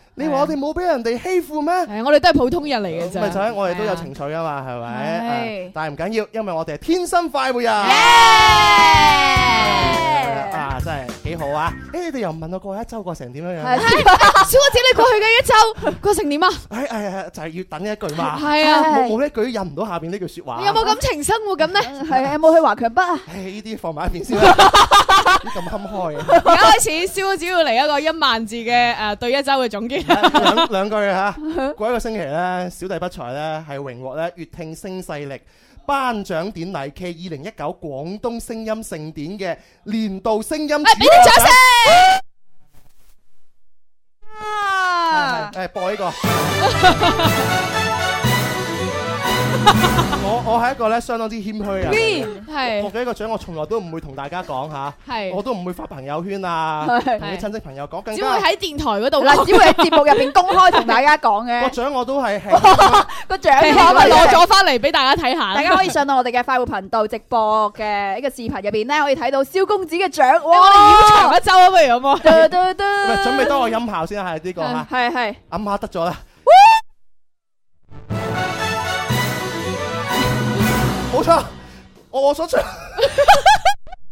你話我哋冇俾人哋欺負咩？係，我哋都係普通人嚟嘅啫。就係我哋都有情緒噶嘛？係咪？但係唔緊要，因為我哋係天生快活人。耶！啊，真係幾好啊！誒，你哋又唔問我過去一周過成點樣樣？肖公子，你過去嘅一周過成點啊？誒誒誒，就係要等一句嘛。係啊，冇冇一句引唔到下邊呢句說話。你有冇感情生活咁咧？係，有冇去華強北啊？誒，呢啲放埋一邊先啦。咁堪開。而家開始，肖公子要嚟一個一萬字嘅誒對一周嘅總結。兩兩句吓，過一個星期咧，小弟不才咧係榮獲咧粵聽聲勢力頒獎典禮暨二零一九廣東聲音盛典嘅年度聲音主持人。啊，誒，播呢個。我我係一個咧相當之謙虛啊，係我俾一個獎，我從來都唔會同大家講吓，係我都唔會發朋友圈啊，同啲親戚朋友講，只會喺電台嗰度嗱，只會喺節目入邊公開同大家講嘅。個獎我都係，個獎我攞咗翻嚟俾大家睇下，大家可以上到我哋嘅快活頻道直播嘅一個視頻入邊咧，可以睇到肖公子嘅獎，哇，繞場一周咁樣，準備多個音效先係呢個吓，係係，諗下得咗啦。冇錯，我我所想。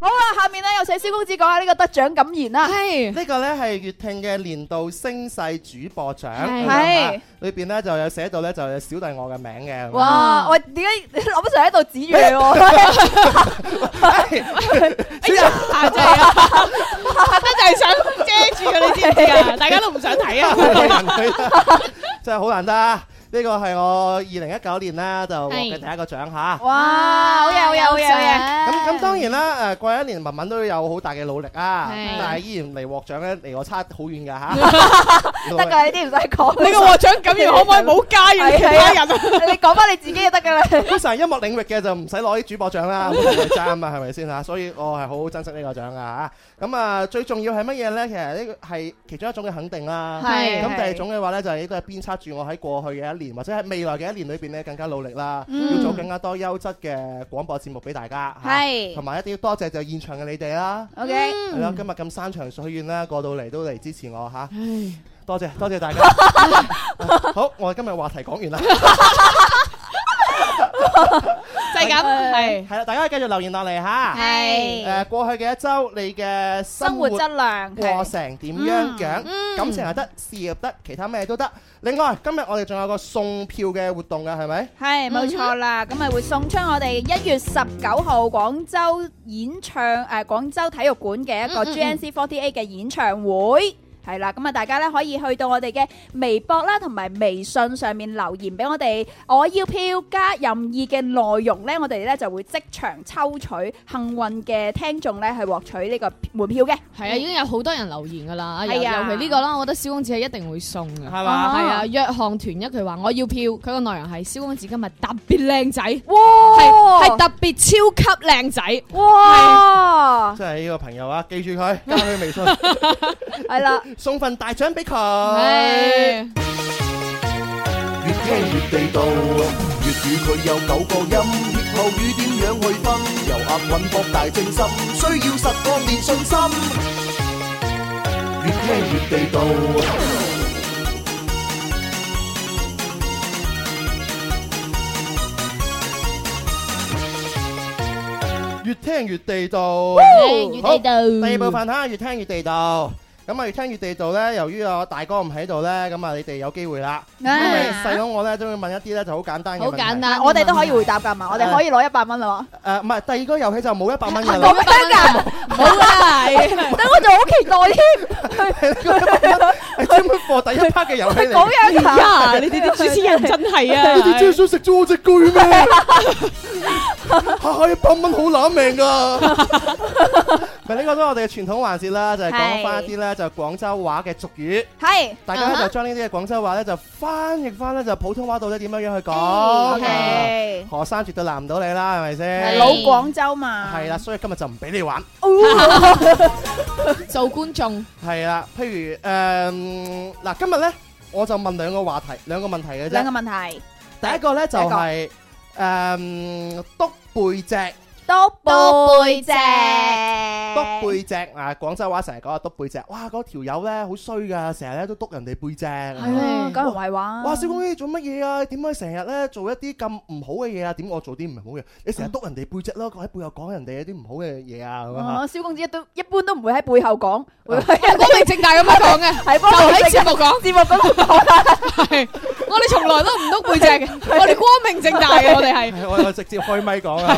好啊，下面咧有請肖公子講下呢個得獎感言啦。係呢個咧係月聽嘅年度聲勢主播獎，係是裏邊咧就有寫到咧就有小弟我嘅名嘅。哇，我點解你諗住喺度指住我？哎呀，限制啊！真係 [LAUGHS] 想遮住嘅，你知唔知啊？ [LAUGHS] 大家都唔想睇啊， [LAUGHS] 真係好難得。呢個係我二零一九年咧就獲嘅第一個獎嚇，哇！好嘢好嘢好嘢！咁咁當然啦，誒過一年文文都有好大嘅努力啊，但係依然離獲獎咧離我差好遠㗎嚇，得㗎呢啲唔使講。你個獲獎感言可唔可以冇加其他人啊？你講翻你自己就得㗎啦。通常音樂領域嘅就唔使攞啲主播獎啦，唔會爭啊，係咪先嚇？所以我係好好珍惜呢個獎㗎嚇。咁啊，最重要係乜嘢咧？其實呢個係其中一種嘅肯定啦。係。咁第二種嘅話咧就係呢個係鞭策住我喺過去嘅年或者喺未來嘅一年裏邊咧，更加努力啦，嗯、要做更加多優質嘅廣播節目俾大家嚇，同、啊、埋是一定要多謝就現場嘅你哋啦。OK，係啦，今日咁山長水遠咧，過到嚟都嚟支持我嚇，啊、唉多謝多謝大家。 [LAUGHS] [LAUGHS] 啊、好，我哋今日話題講完啦。 [LAUGHS] [LAUGHS] 就係咁，係係啦，大家可以繼續留言落嚟吓。係誒，過去嘅一周你嘅生活質量、過程點樣樣？感情係得事業得，其他咩都得。另外今日我哋仲有個送票嘅活動嘅，係咪？係冇錯啦，咁咪會送出我哋一月十九號廣州演唱誒廣州體育館嘅一個 G N C Forty Eight 嘅演唱會。係啦，咁啊，大家咧可以去到我哋嘅微博啦，同埋微信上面留言俾我哋，我要票加任意嘅內容咧，我哋咧就會即場抽取幸運嘅聽眾咧，係獲取呢個門票嘅。係啊，已經有好多人留言噶啦，啊、尤其呢、呢個啦，我覺得肖公子係一定會送嘅，係嘛吧？係啊，約航團一佢話，我要票，佢個內容係肖公子今日特別靚仔，哇，係特別超級靚仔，哇，即係呢個朋友啊，記住佢，加佢微信，係啦 [LAUGHS] [LAUGHS] 送份大獎俾佢，越聽越地道。粵語佢有九個音，粵口語點樣去分？由押韻博大精深，需要十個練信心。越聽越地道，越聽越地道。第二部分吓，越聽越地道。咁啊，越聽越地道咧。由於啊大哥唔喺度咧，咁啊你哋有機會啦。咁細佬我咧都會問一啲咧就好簡單嘅問題。好簡單，我哋都可以回答㗎嘛。我哋可以攞一百蚊啊嘛。誒，唔係第二個遊戲就冇一百蚊嘅啦。咁真㗎？冇啊，係。等我仲好期待添。係第一 part 嘅遊戲嚟㗎！你哋啲主持人真係啊！你哋最想食咗我隻鳩咩？吓！一百蚊好攬命啊！咪呢個都係我哋嘅傳統環節啦，就係講翻一啲咧，就係廣州話嘅俗語。係，大家咧就將呢啲嘅廣州話咧就翻譯翻咧，就普通話到底點樣樣去講。何生絕對難唔到你啦，係咪先？老廣州嘛。係啦，所以今日就唔俾你玩。做觀眾。係啦，譬如誒，嗱，今日咧我就問兩個話題，兩個問題嘅啫。兩個問題。第一個咧就係誒，篤背脊。篤背脊，篤背脊啊！廣州話成日講啊，篤背脊。哇，嗰條友咧好衰噶，成日咧都篤人哋背脊。咁係話。哇，肖公子做乜嘢啊？點解成日咧做一啲咁唔好嘅嘢啊？點我做啲唔好嘅？你成日篤人哋背脊咯，喺背後講人哋一啲唔好嘅嘢啊？肖公子都一般都唔會喺背後講，係啊，光明正大咁樣講嘅，就喺節目講，節目咁講啦。我哋從來都唔篤背脊嘅，我哋光明正大嘅，我哋係。我我直接開咪講啊。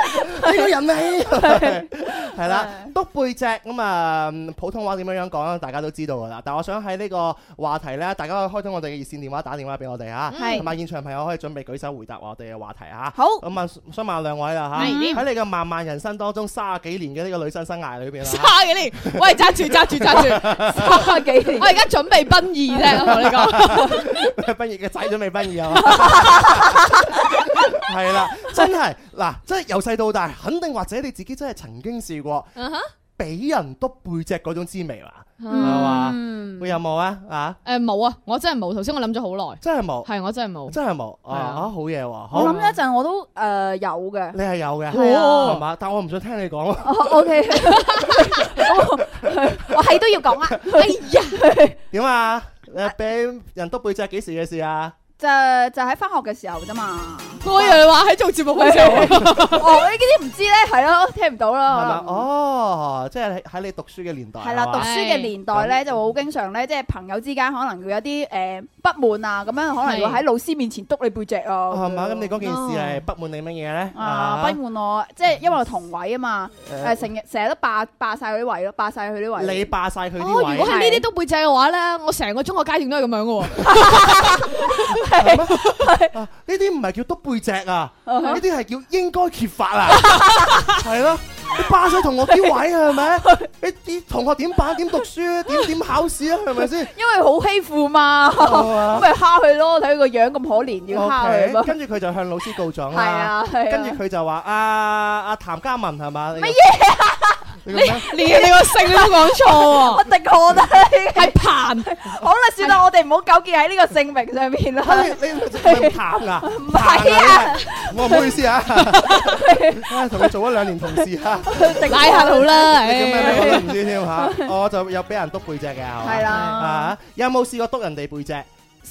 呢 [MUSIC] 個人味係 [LAUGHS] 啦，督背脊咁啊，普通話點樣樣講，大家都知道噶啦。但我想喺呢個話題咧，大家可以開通我哋嘅熱線電話，打電話俾我哋啊，同埋、嗯、現場朋友可以準備舉手回答我哋嘅話題啊。好、嗯，咁、嗯、啊，想問下兩位啦吓，喺你嘅漫漫人生當中，三十幾年嘅呢個女生生涯裏邊、啊，三十幾年？喂，揸住揸住揸住，三十幾年？ [LAUGHS] 我而家準備奔二咧，同 [LAUGHS] 你講，奔二嘅仔準備奔二啊。 [LAUGHS] [LAUGHS] 係啦，真係嗱，即係由細到大，肯定或者你自己真係曾經試過俾人督背脊嗰種滋味啦，係嘛？會有冇啊？啊？誒，冇啊！我真係冇。頭先我諗咗好耐，真係冇。係我真係冇，真係冇。啊，好嘢！我諗咗一陣，我都誒有嘅。你係有嘅，係嘛？但我唔想聽你講。O K，我係都要講啊！哎呀，點啊？俾人督背脊幾時嘅事啊？就就喺翻學嘅時候啫嘛，我以為話喺做節目嘅時候，哦，你呢啲唔知咧，係咯，聽唔到咯。係嘛？哦，即係喺你讀書嘅年代。係啦，讀書嘅年代咧就好經常咧，即係朋友之間可能會有啲誒不滿啊，咁樣可能會喺老師面前篤你背脊咯。係嘛？咁你嗰件事係不滿定乜嘢咧？啊，不滿我即係因為同位啊嘛，誒成日成日都霸霸曬佢啲位咯，霸晒佢啲位。你霸晒佢。哦，如果係呢啲篤背脊嘅話咧，我成個中學階段都係咁樣嘅喎。係咩？呢啲唔係叫督背脊啊，呢啲係叫應該揭發啊，係咯、 [LAUGHS] [LAUGHS] 啊？你霸晒同學啲位 [LAUGHS] 啊，係咪？你啲同學點霸？點讀書啊？點點考試啊？係咪先？因為好欺負嘛，咪蝦佢咯？睇佢個樣咁可憐，要蝦佢。跟住佢就向老師告狀啦。係 [LAUGHS] 啊。跟住佢就話：阿阿譚嘉文係嘛？乜嘢？麼 [LAUGHS] 你連個姓都講錯喎， [LAUGHS] 我的確得係彭， [LAUGHS] 好啦，算啦，我哋唔好糾結喺呢個姓名上面啦。你你咩彭啊？彭啊！我唔、啊啊啊啊啊啊、好意思啊，啊，同佢做咗兩年同事吓、啊，嗌下 [LAUGHS] 好啦、啊。你點解唔知添吓、啊？我就有俾人督背脊嘅，係啦、啊啊，有冇試過督人哋背脊？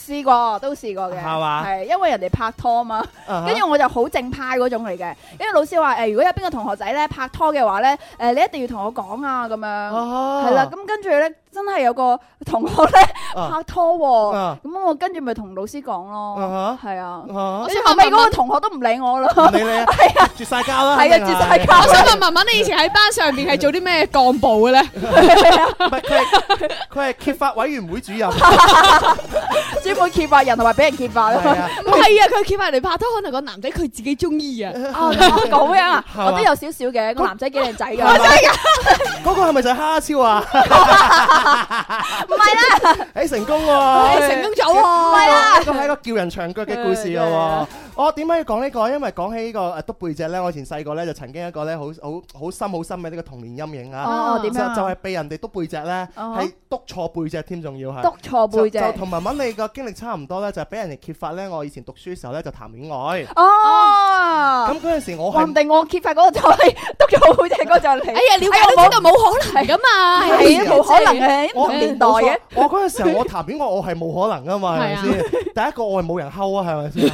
試過都試過嘅，係嘛？係因為人哋拍拖啊嘛，跟住、uh huh. 我就好正派嗰種嚟嘅。因為老師話誒、呃，如果有邊個同學仔咧拍拖嘅話咧，誒、呃、你一定要同我講啊咁樣，係啦、uh，咁跟住咧。嗯真係有個同學咧拍拖喎，咁我跟住咪同老師講咯，係啊。我想問你嗰個同學都唔理我啦，唔理你啊，係啊，絕曬交啦。係啊，絕曬交。我想問文文，你以前喺班上邊係做啲咩幹部嘅咧？係佢係佢係揭發委員會主任，專門揭發人同埋俾人揭發啦。唔係啊，佢揭發人嚟拍拖，可能個男仔佢自己中意啊。咁樣啊？我都有少少嘅，個男仔幾靚仔㗎。真係㗎？嗰個係咪就係蝦超啊？唔係 [LAUGHS] 啦，誒成功喎，成功咗、啊、喎，係啦，佢係個， [LAUGHS] 啦個叫人長腳嘅故事咯、啊。 [LAUGHS] 我點解要講呢個？因為講起呢個誒篤背脊咧，我以前細個咧就曾經一個咧好好好深好深嘅呢個童年陰影啊！哦，點樣就係被人哋篤背脊咧，係篤錯背脊添，仲要係篤錯背脊，就同文文你個經歷差唔多咧，就係俾人哋揭發咧。我以前讀書嘅時候咧，就談戀愛。哦，咁嗰陣時我唔定我揭發嗰個就係篤錯背脊嗰個就係。哎呀，瞭解我知道冇可能噶嘛，係啊，冇可能嘅，我唔同年代嘅。我嗰陣時候我談戀愛，我係冇可能噶嘛，係咪先？第一個我係冇人溝啊，係咪先？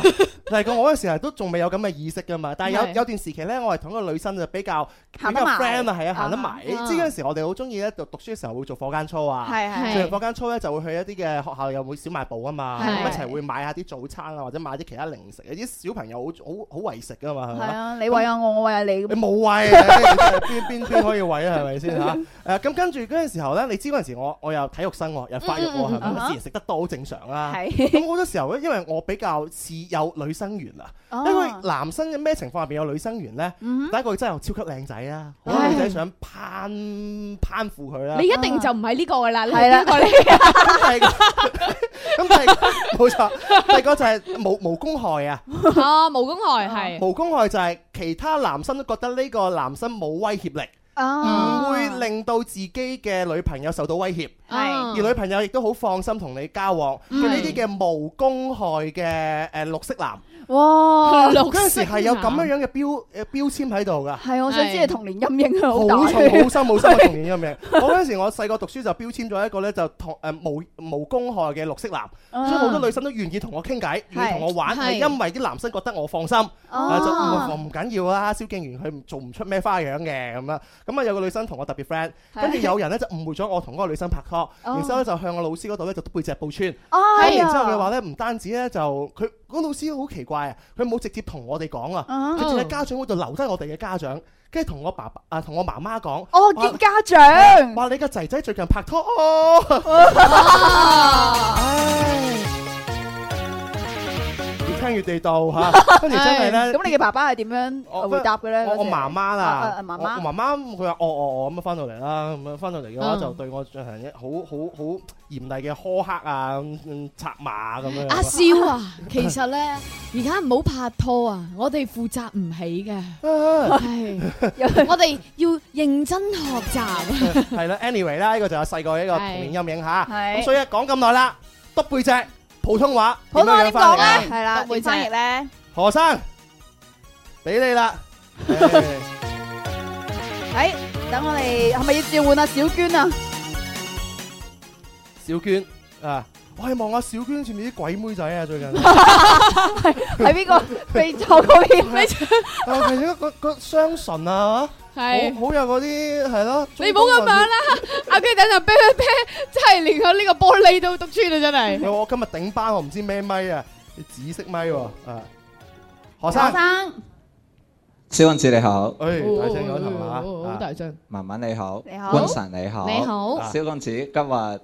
嚟講。我嗰陣時都仲未有咁嘅意識噶嘛，但係有有段時期咧，我係同一個女生就比較比較 friend 啊，係啊，行得埋。知嗰陣時我哋好中意咧，讀讀書嘅時候會做課間操啊，做完課間操咧就會去一啲嘅學校又會小賣部啊嘛，一齊會買下啲早餐啊，或者買啲其他零食。啲小朋友好好好為食噶嘛，係啊？你餵啊，我我餵啊你。你冇餵，邊邊邊可以餵啊？係咪先嚇？誒咁跟住嗰陣時候咧，你知嗰陣時我我又體育生喎，又發育喎，係嘛？自然食得多好正常啦。咁好多時候咧，因為我比較似有女生。員啊，因為男生嘅咩情況下邊有女生緣呢？第一個真係超級靚仔啊，女仔想攀攀附佢啦。你一定就唔係呢個噶啦，係啦，咁就冇錯，第二個就係無無公害啊。哦，無公害係。無公害就係其他男生都覺得呢個男生冇威脅力，唔會令到自己嘅女朋友受到威脅，而女朋友亦都好放心同你交往。呢啲嘅無公害嘅誒綠色男。哇！嗰陣時係有咁樣樣嘅標誒標籤喺度噶。係我想知你童年陰影係好重，好深，好深嘅童年陰影。我嗰陣時我細個讀書就標籤咗一個咧，就同誒無無公害嘅綠色男，所以好多女生都願意同我傾偈，願意同我玩，係因為啲男生覺得我放心，就唔唔緊要啦。蕭敬源佢做唔出咩花樣嘅咁啦，咁啊有個女生同我特別 friend，跟住有人咧就誤會咗我同嗰個女生拍拖，然之後咧就向我老師嗰度咧就背脊報穿，然之後嘅話咧唔單止咧就佢。嗰老師好奇怪啊！佢冇直接同我哋講啊，佢仲喺家長嗰度留低我哋嘅家長，跟住同我爸爸啊同我媽媽講：哦、oh, 說，見家長，話你個仔仔最近拍拖。穿越地道嚇，跟住真係咧。咁你嘅爸爸係點樣回答嘅咧？我媽媽啊，媽媽，媽媽佢話：哦，哦，哦，咁啊，翻到嚟啦，咁樣翻到嚟嘅話就對我進行一好好好嚴厲嘅苛刻啊，插馬咁樣。阿蕭啊，其實咧而家唔好拍拖啊，我哋負責唔起嘅。係，我哋要認真學習。係啦，anyway 啦，呢個就係我細個一個童年陰影嚇。係，咁所以講咁耐啦，督背脊。普通話，普通話點講呢？係啦，讀會翻譯呢？何生，俾你啦。誒，等我哋係咪要召喚阿小娟啊？小娟啊！我係望阿小娟前面啲鬼妹仔啊，最近係係邊個？未坐過邊？係啊，個個雙唇啊，係是好，好有嗰啲係咯。啊、你唔好咁樣啦！阿娟等陣啤啤啤，真係連佢呢個玻璃都篤穿啦，真係、嗯。我今日頂班，我唔知咩咪啊，啲紫色咪喎啊，何生。肖公子你好，誒，大俊你好，好大俊，文文你好，你好，溫神你好，你好，肖公子今日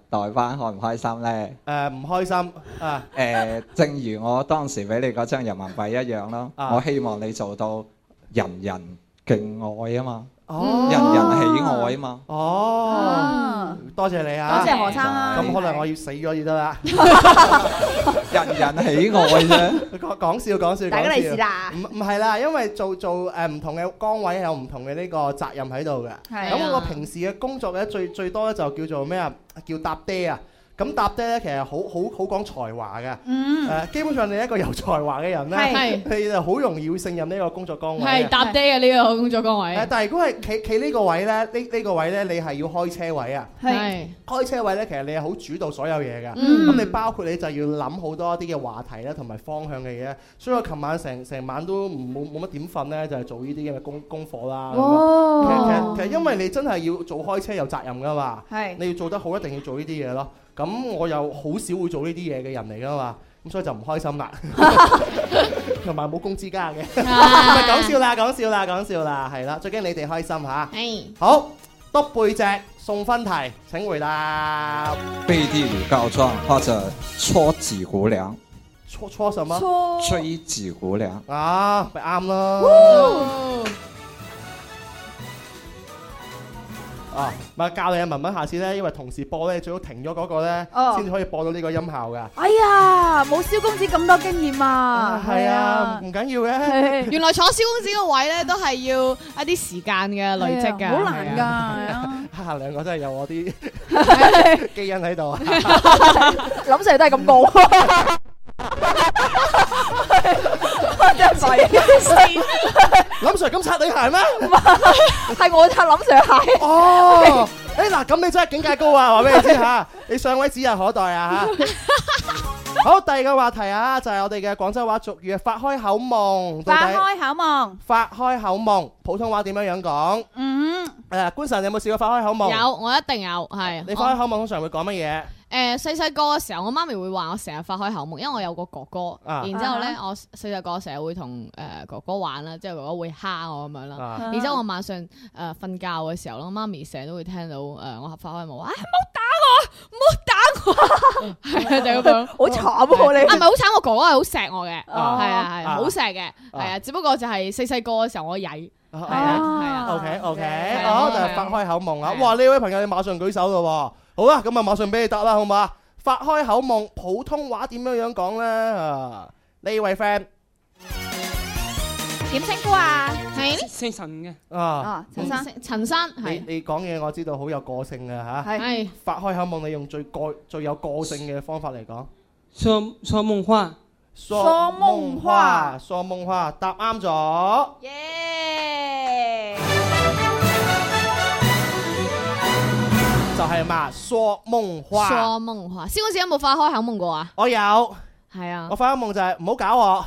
代班開唔開心咧？誒、呃，唔開心啊，誒、呃，正如我當時俾你嗰張人民幣一樣咯，啊、我希望你做到人人敬愛啊嘛。哦、人人喜愛啊嘛！哦，啊、多謝你啊！多謝何生，啊。咁可能我要死咗就得啦！人人喜愛啫，講笑講笑講笑。笑笑大家嚟試啦！唔唔係啦，因為做做誒唔同嘅崗位有唔同嘅呢個責任喺度嘅。咁、啊、我平時嘅工作咧最最多咧就叫做咩啊？叫搭爹啊！咁搭爹咧，其實好好好講才華嘅，誒、嗯、基本上你一個有才華嘅人咧，是 [LAUGHS] 你就好容易會勝任呢個工作崗位是。係搭爹嘅呢個工作崗位。但係如果係企企呢個位咧，呢、呢、呢個位咧，你係要開車位啊。係是是開車位咧，其實你係好主導所有嘢嘅。嗯。咁你包括你就要諗好多一啲嘅話題咧，同埋方向嘅嘢。所以我琴晚成成晚都冇冇乜點瞓咧，就係、係、做呢啲嘅功功課啦。哦，其、其實因為你真係要做開車有責任噶嘛。係是。你要做得好，一定要做呢啲嘢咯。咁我又好少會做呢啲嘢嘅人嚟噶嘛，咁所以就唔開心啦，同埋冇工資加嘅，講, [LAUGHS] [LAUGHS] [LAUGHS] 笑啦，講笑啦，講笑啦，係啦，最驚你哋開心吓。係，哎、好督背脊，送分題，請回答。背地裏告狀，或者搓紙鼓梁，搓搓什麼？搓戳，吹紙糊梁啊，咪啱囉。哦。哦，咪教你阿文文，下次咧，因為同時播咧，最好停咗嗰個咧，先至可以播到呢個音效噶。哎呀，冇肖公子咁多經驗啊！係啊，唔緊要嘅。原來坐肖公子個位咧，都係要一啲時間嘅累積噶。好難噶，下下兩個真係有我啲基因喺度，諗成日都係咁高。真係。林 Sir 咁擦你鞋咩？唔係，係我擦林 Sir 鞋。 [LAUGHS] 哦，誒嗱、 [LAUGHS] 哎，咁你真係境界高啊！話俾你知吓、 [LAUGHS] 啊，你上位指日可待啊！吓， [LAUGHS] 好，第二個話題啊，就係、是、我哋嘅廣州話俗語，發開口夢，發開口夢，發開口夢，嗯、普通話點樣樣講？嗯，誒、啊，觀辰你有冇試過發開口夢？有，我一定有，係。你發開口夢通常會講乜嘢？誒，細細個嘅時候，我媽咪會話我成日發開口夢，因為我有個哥哥，然之後咧，我細細個成日會同誒哥哥玩啦，之後哥哥會蝦我咁樣啦，然之後我晚上誒瞓覺嘅時候啦，媽咪成日都會聽到誒我發開口夢，啊，唔好打我，唔好打我，係就咁樣，好慘啊你，啊唔係好慘，我哥哥係好錫我嘅，係啊係，好錫嘅，係啊，只不過就係細細個嘅時候我曳。係啊，係啊，OK，OK，好，就係發開口夢啊！哇，呢位朋友你馬上舉手咯，好啊，咁啊馬上俾你答啦，好唔好啊？發開口夢普通話點樣樣講咧啊？呢位 friend 點稱呼啊？係姓陳嘅啊，陳生，陳生係。你你講嘢我知道好有個性嘅吓，係發開口夢你用最個最有個性嘅方法嚟講，說說夢話。說夢話，說夢話，話話答啱咗，耶！Yeah. 就係嘛，說夢話，說夢話。肖公子有冇發開口夢過啊？我有，係啊。我發開口夢就係唔好搞我，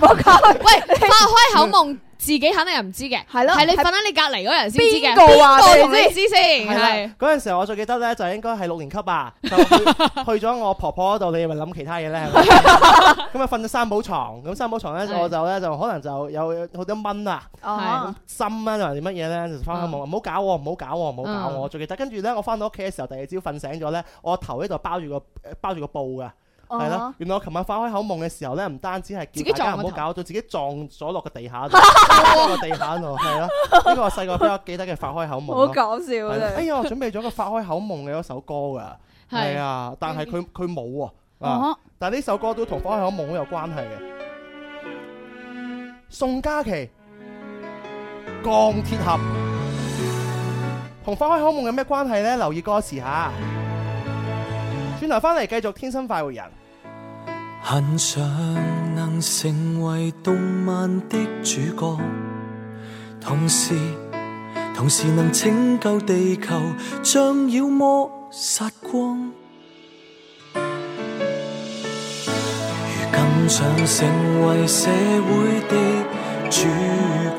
搞我靠！ [LAUGHS] 喂，你 發開口夢。嗯自己肯定係唔知嘅，係咯，係你瞓喺你隔籬嗰人先知嘅，邊個啊？邊個先知先？係嗰陣時候，我最記得咧，就應該係六年級吧，就去咗我婆婆嗰度。你咪諗其他嘢咧。咁啊，瞓咗三寶床，咁三寶床咧，我就咧就可能就有好多蚊啊，心啊，定係乜嘢咧？就翻香夢，唔好搞我，唔好搞我，唔好搞我。最記得，跟住咧，我翻到屋企嘅時候，第二朝瞓醒咗咧，我頭喺度包住個包住個布噶。係啦，原來我琴晚發開口夢嘅時候咧，唔單止係叫大家唔好搞到自己撞咗落個地下度，個地下度係咯，呢個我細個比較記得嘅發開口夢。好搞笑啊！哎呀，我準備咗個發開口夢嘅一首歌噶，係啊，但係佢佢冇啊，但係呢首歌都同發開口夢好有關係嘅。宋嘉琪，鋼鐵俠，同發開口夢有咩關係咧？留意歌詞吓。翻嚟繼續，天生快活人。很想能成為動漫的主角，同時同時能拯救地球，將妖魔殺光。如今想成為社會的主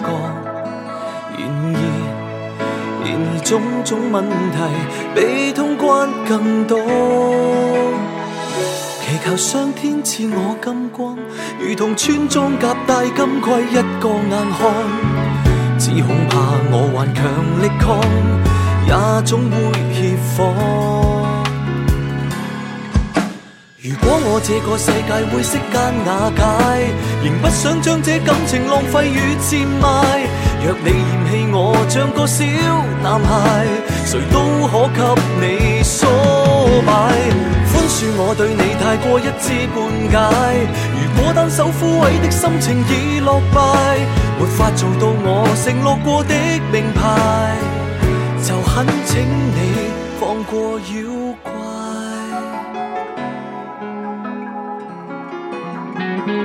角。種種問題比通關更多，祈求上天賜我金光，如同村莊夾帶金盔一個硬漢，只恐怕我頑強力抗，也總會怯火。如果我這個世界會瞬間瓦解，仍不想將這感情浪費與賤賣。若你嫌棄我像個小男孩，誰都可給你梳擺。寬恕我對你太過一知半解。如果單手枯萎的心情已落敗，沒法做到我承諾過的名牌，就懇請你放過妖。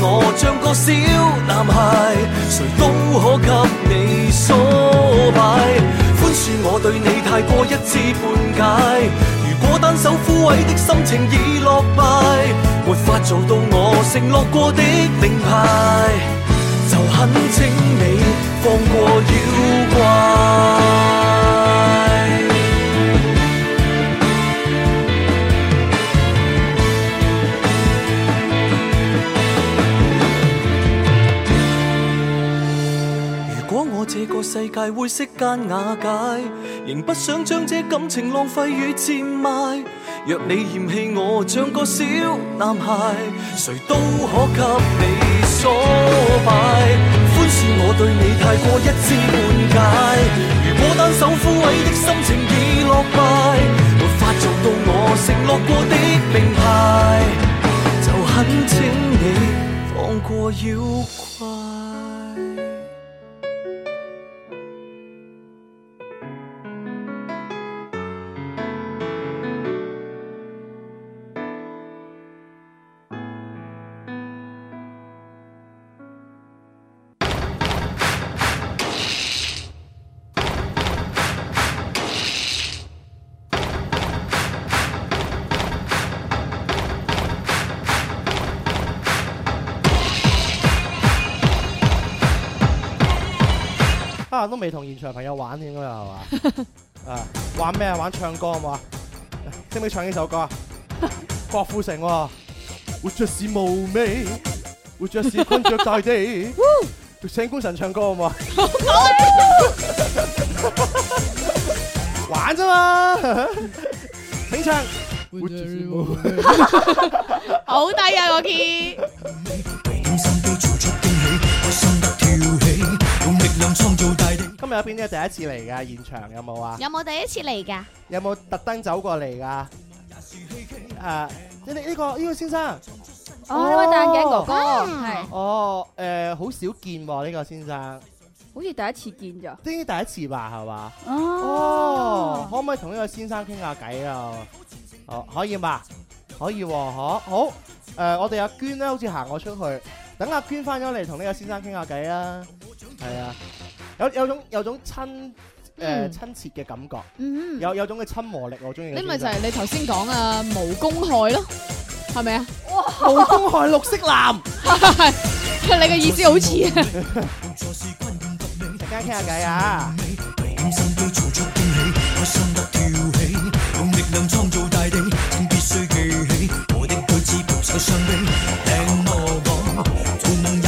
我像個小男孩，誰都可給你梳擺。寬恕我對你太過一知半解。如果單手枯萎的心情已落敗，沒法做到我承諾過的名牌，就懇請你放過妖怪。界灰色間瓦解，仍不想將這感情浪費與賤賣。若你嫌棄我像個小男孩，誰都可給你所擺。寬恕我對你太過一知半解。如果單手枯萎的心情已落敗，沒法做到我承諾過的名牌，就懇請你放過妖怪。未同現場朋友玩先噶嘛，係嘛？啊，玩咩啊？玩唱歌好嘛？聽唔聽唱呢首歌啊？ [LAUGHS] 郭富城、啊，活着、 [MUSIC] 啊、是無味，活着是困着大地。請觀辰唱歌係嘛？玩啫嘛、啊。聽、啊、唱，活着是無味。好低啊！我 key。今日有邊啲係第一次嚟噶？現場有冇啊？有冇第一次嚟噶？有冇特登走過嚟噶？誒、uh, 這個，呢呢呢個呢個先生哦，戴眼鏡哥哥係哦誒，好少見喎呢個先生，好似第一次見咗。呢啲第一次吧係嘛？哦，可唔、oh. oh, 可以同呢個先生傾下偈啊？哦、oh,，可以嘛、哦？可以，可好？誒、uh,，我哋阿娟咧，好似行咗出去。等阿娟翻咗嚟同呢個先生傾下偈啊，係啊，有有種有種親誒、呃嗯、親切嘅感覺，嗯、有有種嘅親和力我中意。呢咪就係你頭先講啊無公害咯，係咪啊？哇 無公害綠色藍，係 [LAUGHS] [LAUGHS] 你嘅意思好似。啊。大家傾下偈啊！嗯嗯嗯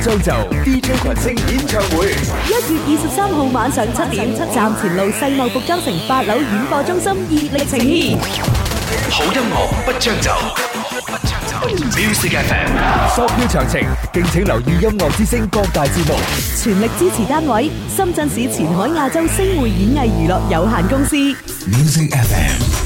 將就 DJ 群星演唱會，一月二十三號晚上七點，七站前路世貿服裝城八樓演播中心，熱力呈現。好音樂不將就，Music FM。縮票詳情，敬請留意音樂之聲各大節目。全力支持單位：深圳市前海亞洲星匯演藝娛樂有限公司。Music FM。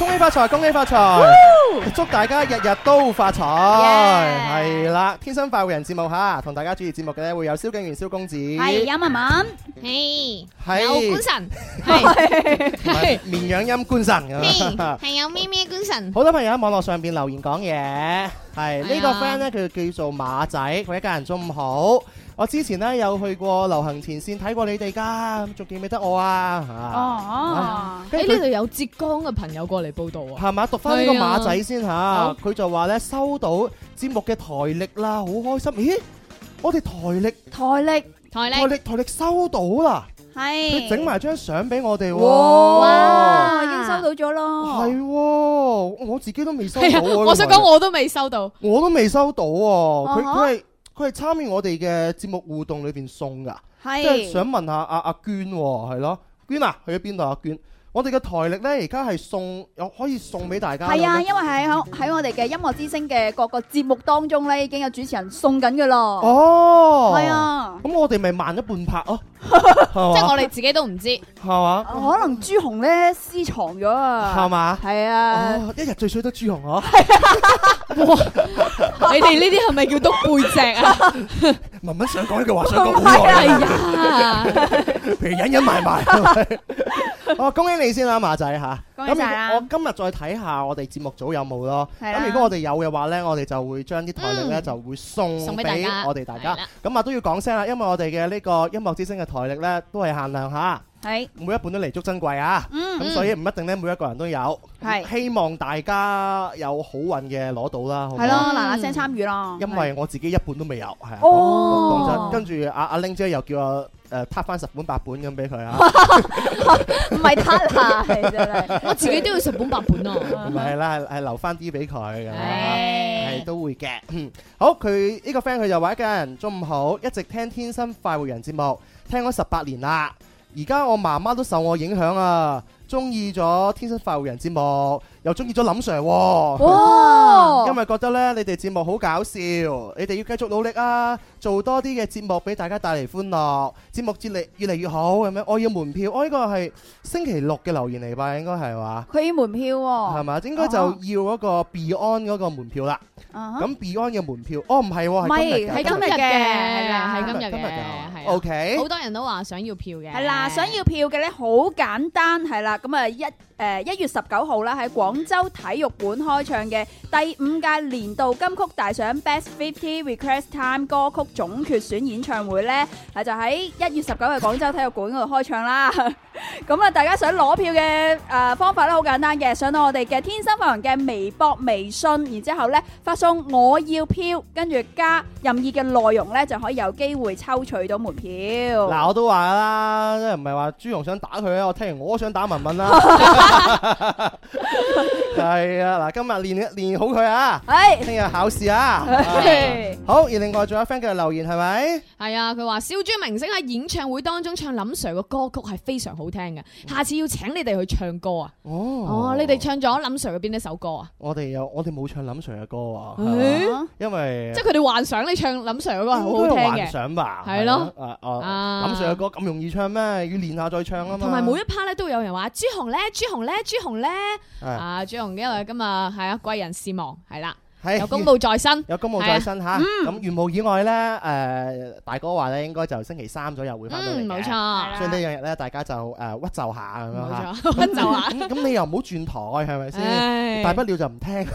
恭喜發財，恭喜發財！Woo! 祝大家日日都發財，係 Yeah. 啦！天生快活人節目吓，同大家主持節目嘅咧會有蕭敬元、蕭公子，係有文文，係是有觀辰，係綿羊音觀辰，係 [LAUGHS] 有咩咩觀辰。好多朋友喺網絡上邊留言講嘢，係呀呢個 friend 咧佢叫做馬仔，佢一家人中午好。我之前咧有去過流行前線睇過你哋噶，仲記唔記得我啊？哦哦，喺呢度有浙江嘅朋友過嚟報道啊，係嘛？讀翻呢個馬仔先吓，佢就話咧收到節目嘅台歷啦，好開心！咦，我哋台歷台歷台歷台歷台歷收到啦，係佢整埋張相俾我哋。哇，已經收到咗咯，係，我自己都未收到。我想講我都未收到，我都未收到啊！佢佢係。佢係參與我哋嘅節目互動裏邊送㗎，是即係想問下阿阿娟喎，哦，係咯，娟啊，去咗邊度阿娟？我哋嘅台曆咧，而家係送，有可以送俾大家。係啊，因為喺喺我哋嘅音樂之聲嘅各個節目當中咧，已經有主持人送緊嘅咯。哦，係啊，咁我哋咪慢咗半拍咯，即係我哋自己都唔知，係嘛？可能朱紅咧私藏咗啊，係嘛？係啊，一日最衰得朱紅啊。你哋呢啲係咪叫督背脊啊？文文想講一句話，想講好耐啊。係啊，譬如隱隱埋埋，哦，恭你先啦，馬仔嚇，咁我今日再睇下我哋節目組有冇咯。咁如果我哋有嘅話咧，我哋就會將啲台曆咧就會送俾我哋大家。咁啊都要講聲啦，因為我哋嘅呢個音樂之星嘅台曆咧都係限量嚇，係每一本都彌足珍貴啊。咁所以唔一定咧，每一個人都有。希望大家有好運嘅攞到啦。係咯，嗱嗱聲參與咯。因為我自己一本都未有，係哦。跟住阿阿玲姐又叫我。誒，攤翻、呃、十本八本咁俾佢啊 [LAUGHS] 唔係攤啊，我自己都要十本八本咯。唔係啦，係留翻啲俾佢咁，係、哎、都會嘅。 [COUGHS] 好，佢呢、呢個 friend 佢就話：一家人中午好，一直聽《天生快活人》節目，聽咗十八年啦。而家我媽媽都受我影響啊！中意咗《天生發育人》節目，又中意咗林 Sir 喎、哦，哇 [LAUGHS] 因為覺得咧你哋節目好搞笑，你哋要繼續努力啊，做多啲嘅節目俾大家帶嚟歡樂，節目節力越嚟越好咁樣。我、哦、要門票，我呢個係星期六嘅留言嚟吧，應該係哇。佢要門票喎、哦，係嘛？應該就要嗰個 Beyond 嗰個門票啦。咁、啊、哈 Beyond 嘅門票，哦唔係，係、哦啊、哈今日嘅，係今日嘅，係 OK。好多人都話想要票嘅，係啦，想要票嘅咧好簡單，係啦。咁啊一。誒，一月十九號啦，喺廣州體育館開唱嘅第五屆年度金曲大賞 Best Fifty Request Time 歌曲總決選演唱會咧，係就喺一月十九日廣州體育館嗰度開唱啦。咁啊，大家想攞票嘅誒方法咧，好簡單嘅，上到我哋嘅天生發文嘅微博、微信，然之後咧發送我要票，跟住加任意嘅內容咧，就可以有機會抽取到門票。嗱，我都話啦，即係唔係話朱紅想打佢啊，我聽完我想打文文啦。係啊，嗱，今日練練好佢啊，係，聽日考試啊，好。而另外仲有 friend 嘅留言係咪？係啊，佢話小豬明星喺演唱會當中唱林 sir 嘅歌曲係非常好聽嘅，下次要請你哋去唱歌啊。哦，哦，你哋唱咗林 sir 嘅邊一首歌啊？我哋有，我哋冇唱林 sir 嘅歌啊，因為即係佢哋幻想你唱林 sir 嘅歌係好好聽嘅，幻想吧，係咯，啊林 sir 嘅歌咁容易唱咩？要練下再唱啊嘛。同埋每一 part 咧都會有人話朱紅咧，朱紅。咧，朱紅咧 [NOISE] [NOISE] 啊，朱紅，因為今日係啊貴人事忙，係啦。係有公務在身，有公務在身嚇。咁如無意外咧，誒大哥話咧，應該就星期三左右會返到嚟嘅。冇錯，所以呢兩日咧，大家就誒屈就下咁樣嚇。屈就下。咁你又唔好轉台，係咪先？大不了就唔聽。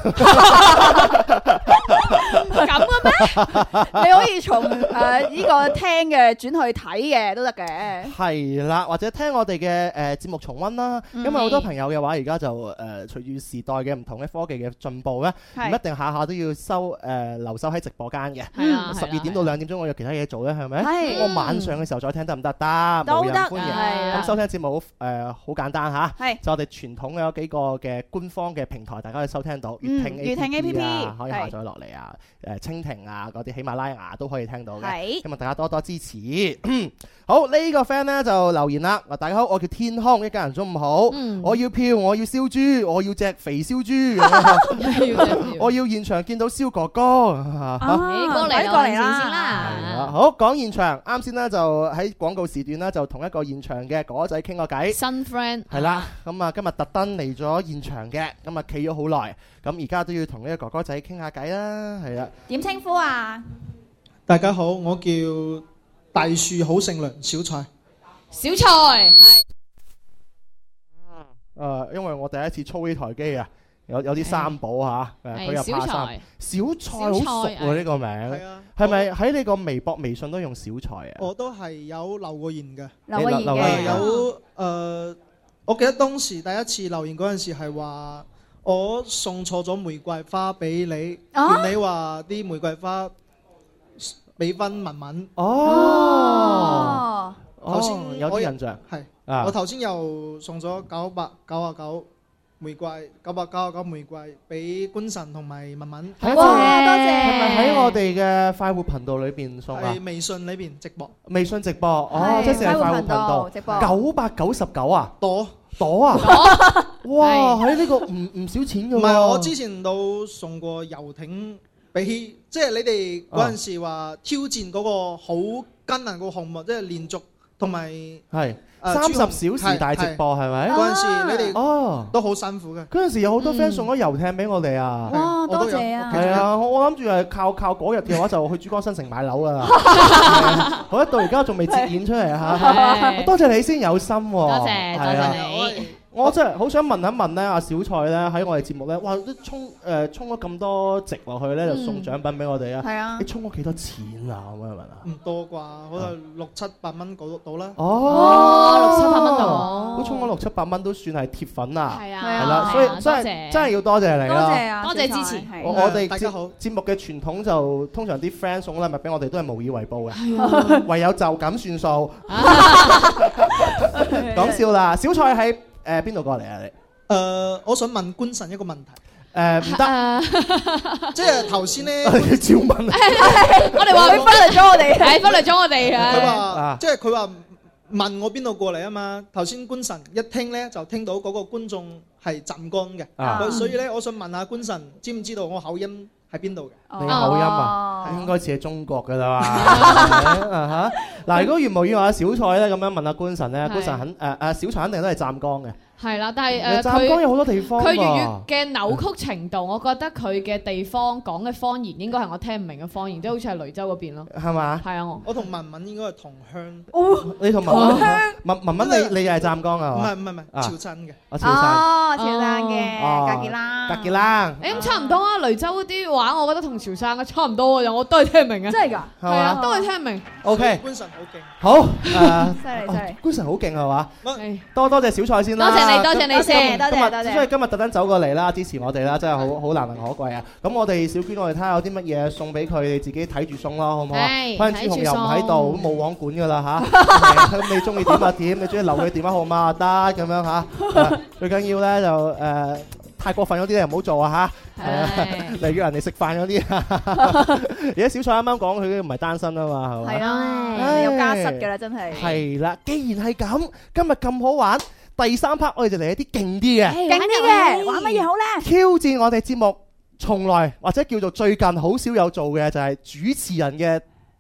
咁嘅咩？你可以從誒呢個聽嘅轉去睇嘅都得嘅。係啦，或者聽我哋嘅誒節目重温啦。因為好多朋友嘅話，而家就誒隨住時代嘅唔同嘅科技嘅進步咧，唔一定下。下都要收誒留守喺直播間嘅，十二點到兩點鐘我有其他嘢做咧，係咪？我晚上嘅時候再聽得唔得得，歡迎。咁收聽節目誒好簡單嚇，就我哋傳統嘅幾個嘅官方嘅平台，大家可以收聽到。粵聽 A P P 啊，可以下載落嚟啊，誒蜻蜓啊，嗰啲喜馬拉雅都可以聽到嘅。希望大家多多支持。好呢個 friend 咧就留言啦，大家好，我叫天空，一家人中午好，我要票，我要燒豬，我要隻肥燒豬，我要現。場見到肖哥哥，啊啊、過嚟過嚟啦、啊！好講現場，啱先呢，就喺廣告時段呢，就同一個現場嘅哥哥仔傾個偈。新 friend 係啦，咁啊，啊、嗯、今日特登嚟咗現場嘅，咁啊企咗好耐，咁而家都要同呢個哥哥仔傾下偈啦，係啦、啊。點稱呼啊？大家好，我叫大樹好勝倫，小蔡。小蔡係因為我第一次操呢台機啊。有有啲三寶嚇，佢又怕生小菜。小菜好熟喎呢個名，係咪喺你個微博、微信都用小菜啊？我都係有留過言嘅，留言有誒，我記得當時第一次留言嗰陣時係話我送錯咗玫瑰花俾你，你話啲玫瑰花俾翻文文。哦，頭先有啲印象，係我頭先又送咗九百九啊九。玫瑰九百九十九玫瑰俾觀辰同埋文文，哇多謝！係咪喺我哋嘅快活頻道裏面送啊？係微信裏面直播。微信直播哦，即係快活頻道直播。九百九十九啊，朵朵啊，哇喺呢個唔唔少錢嘅。唔係我之前都送過遊艇俾，即係你哋嗰陣時話挑戰嗰個好艱難嘅項目，即係連續。同埋係三十小時大直播係咪？嗰陣時你哋哦都好辛苦嘅。嗰陣時有好多 friend 送咗遊艇俾我哋啊！多謝啊！係啊，我我諗住係靠靠嗰日嘅話就去珠江新城買樓㗎啦。好，一到而家仲未接演出嚟啊！多謝你先有心喎。多謝，多謝你。我真係好想問一問咧，阿小蔡咧喺我哋節目咧，哇！都充誒充咗咁多值落去咧，就送獎品俾我哋啊！係啊！你充咗幾多錢啊？咁樣問啊？唔多啩，好似六七百蚊嗰度啦。哦，六七百蚊度，佢充咗六七百蚊都算係鐵粉啊！係啊！係啦，所以真係真係要多謝你啦！多謝多謝支持。我我哋節目嘅傳統就通常啲 friend 送啲禮物俾我哋都係無以為報嘅，唯有就咁算數。講笑啦，小蔡喺。誒邊度過嚟啊你？誒我想問觀辰一個問題。誒唔得，即係頭先咧。照問啊。我哋話忽略咗我哋，忽略咗我哋。佢話，即係佢話問我邊度過嚟啊嘛。頭先觀辰一聽咧，就聽到嗰個觀眾係湛江嘅。所以咧，我想問下觀辰，知唔知道我口音喺邊度嘅？你口音啊，應該似中國嘅啦。啊嗱、啊，如果圓無語話小蔡咧，咁樣問阿觀辰咧，觀辰的肯誒誒、呃啊、小蔡肯定都係湛江嘅。係啦，但係湛江有好多地方。佢粵語嘅扭曲程度，我覺得佢嘅地方講嘅方言應該係我聽唔明嘅方言，即係好似係雷州嗰邊咯。係嘛？係啊，我同文文應該係同鄉。哦，你同文文文文文你你又係湛江啊？唔係唔係唔係潮汕嘅，我潮汕。哦，潮汕嘅隔吉拉。格吉拉，咁差唔多啊！雷州啲話，我覺得同潮汕嘅差唔多啊！我都係聽唔明啊？真係㗎？係啊，都係聽唔明。O K。觀辰好勁。好。真係觀辰好勁係嘛？多多謝小蔡先啦。嚟多謝你先，多謝多謝，所以今日特登走過嚟啦，支持我哋啦，真係好好難能可貴啊！咁我哋小娟，我哋睇下有啲乜嘢送俾佢，你自己睇住送咯，好唔好啊？潘子雄又唔喺度，都冇網管噶啦吓。咁你中意點就點，你中意留佢電話號碼得咁樣吓。最緊要咧就誒，太過分嗰啲又唔好做啊吓。嚟約人哋食飯嗰啲，而家小蔡啱啱講佢唔係單身啊嘛，係咪？係啊，有家室噶啦，真係。係啦，既然係咁，今日咁好玩。第三 part 我哋就嚟一啲勁啲嘅，欸、勁啲嘅玩乜嘢好呢？挑戰我哋節目，從來或者叫做最近好少有做嘅就係主持人嘅。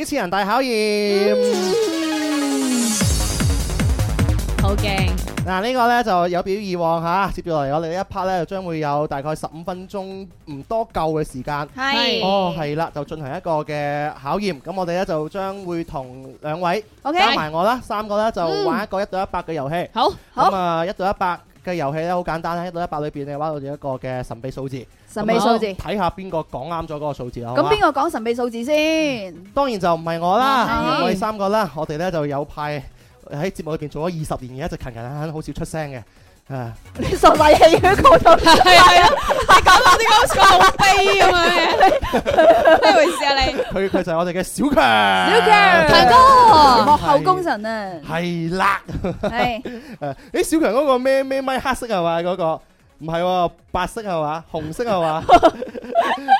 一次人大考驗、嗯，嗯、好勁！嗱、啊，呢、呢個呢就有表意望吓，接住落嚟，我哋呢一 part 呢，就將會有大概十五分鐘唔多夠嘅時間。係是，哦，係啦，就進行一個嘅考驗。咁我哋呢，就將會同兩位 Okay? 加埋我啦，三個呢，就玩一個一到一百嘅遊戲。嗯、好，咁啊那，一好到一百。嘅遊戲咧好簡單，喺一到一百裏邊你玩到一個嘅神秘數字，神秘數字睇下邊個講啱咗嗰個數字啊！咁邊個講神秘數字先？嗯、當然就唔係我啦，是我哋三個啦，我哋咧就有派喺節目裏邊做咗二十年嘅，一直勤勤懇懇，好少出聲嘅。誒，你收埋氣喺度頭，係啊，係咁啊，啲咁衰咁樣嘅，咩回事啊？你佢佢就係我哋嘅小強，小強大哥，幕後功臣啊，係啦，誒，小強嗰個咩咩麥黑色係嘛？嗰個唔係白色係嘛？紅色係嘛？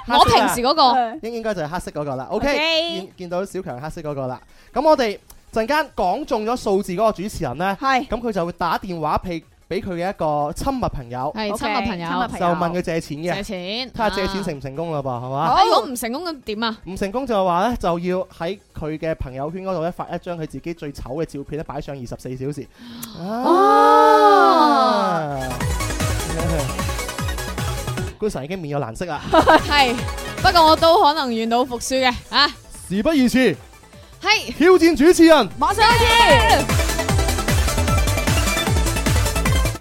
我平時嗰個應應該就係黑色嗰個啦。OK，見到小強黑色嗰個啦。咁我哋陣間講中咗數字嗰個主持人咧，係咁佢就會打電話俾俾佢嘅一個親密朋友，okay, 親密朋友就問佢借錢嘅，睇下借錢成唔成功啦噃，係嘛，啊？如果唔成功咁點啊？唔成功就話咧，就要喺佢嘅朋友圈嗰度咧發一張佢自己最醜嘅照片咧，擺上二十四小時。啊！觀辰，啊啊啊啊啊嗯，已經面有難色啦。係，不過我都可能願賭服輸嘅，啊！事不宜遲，係挑戰主持人，馬上開始。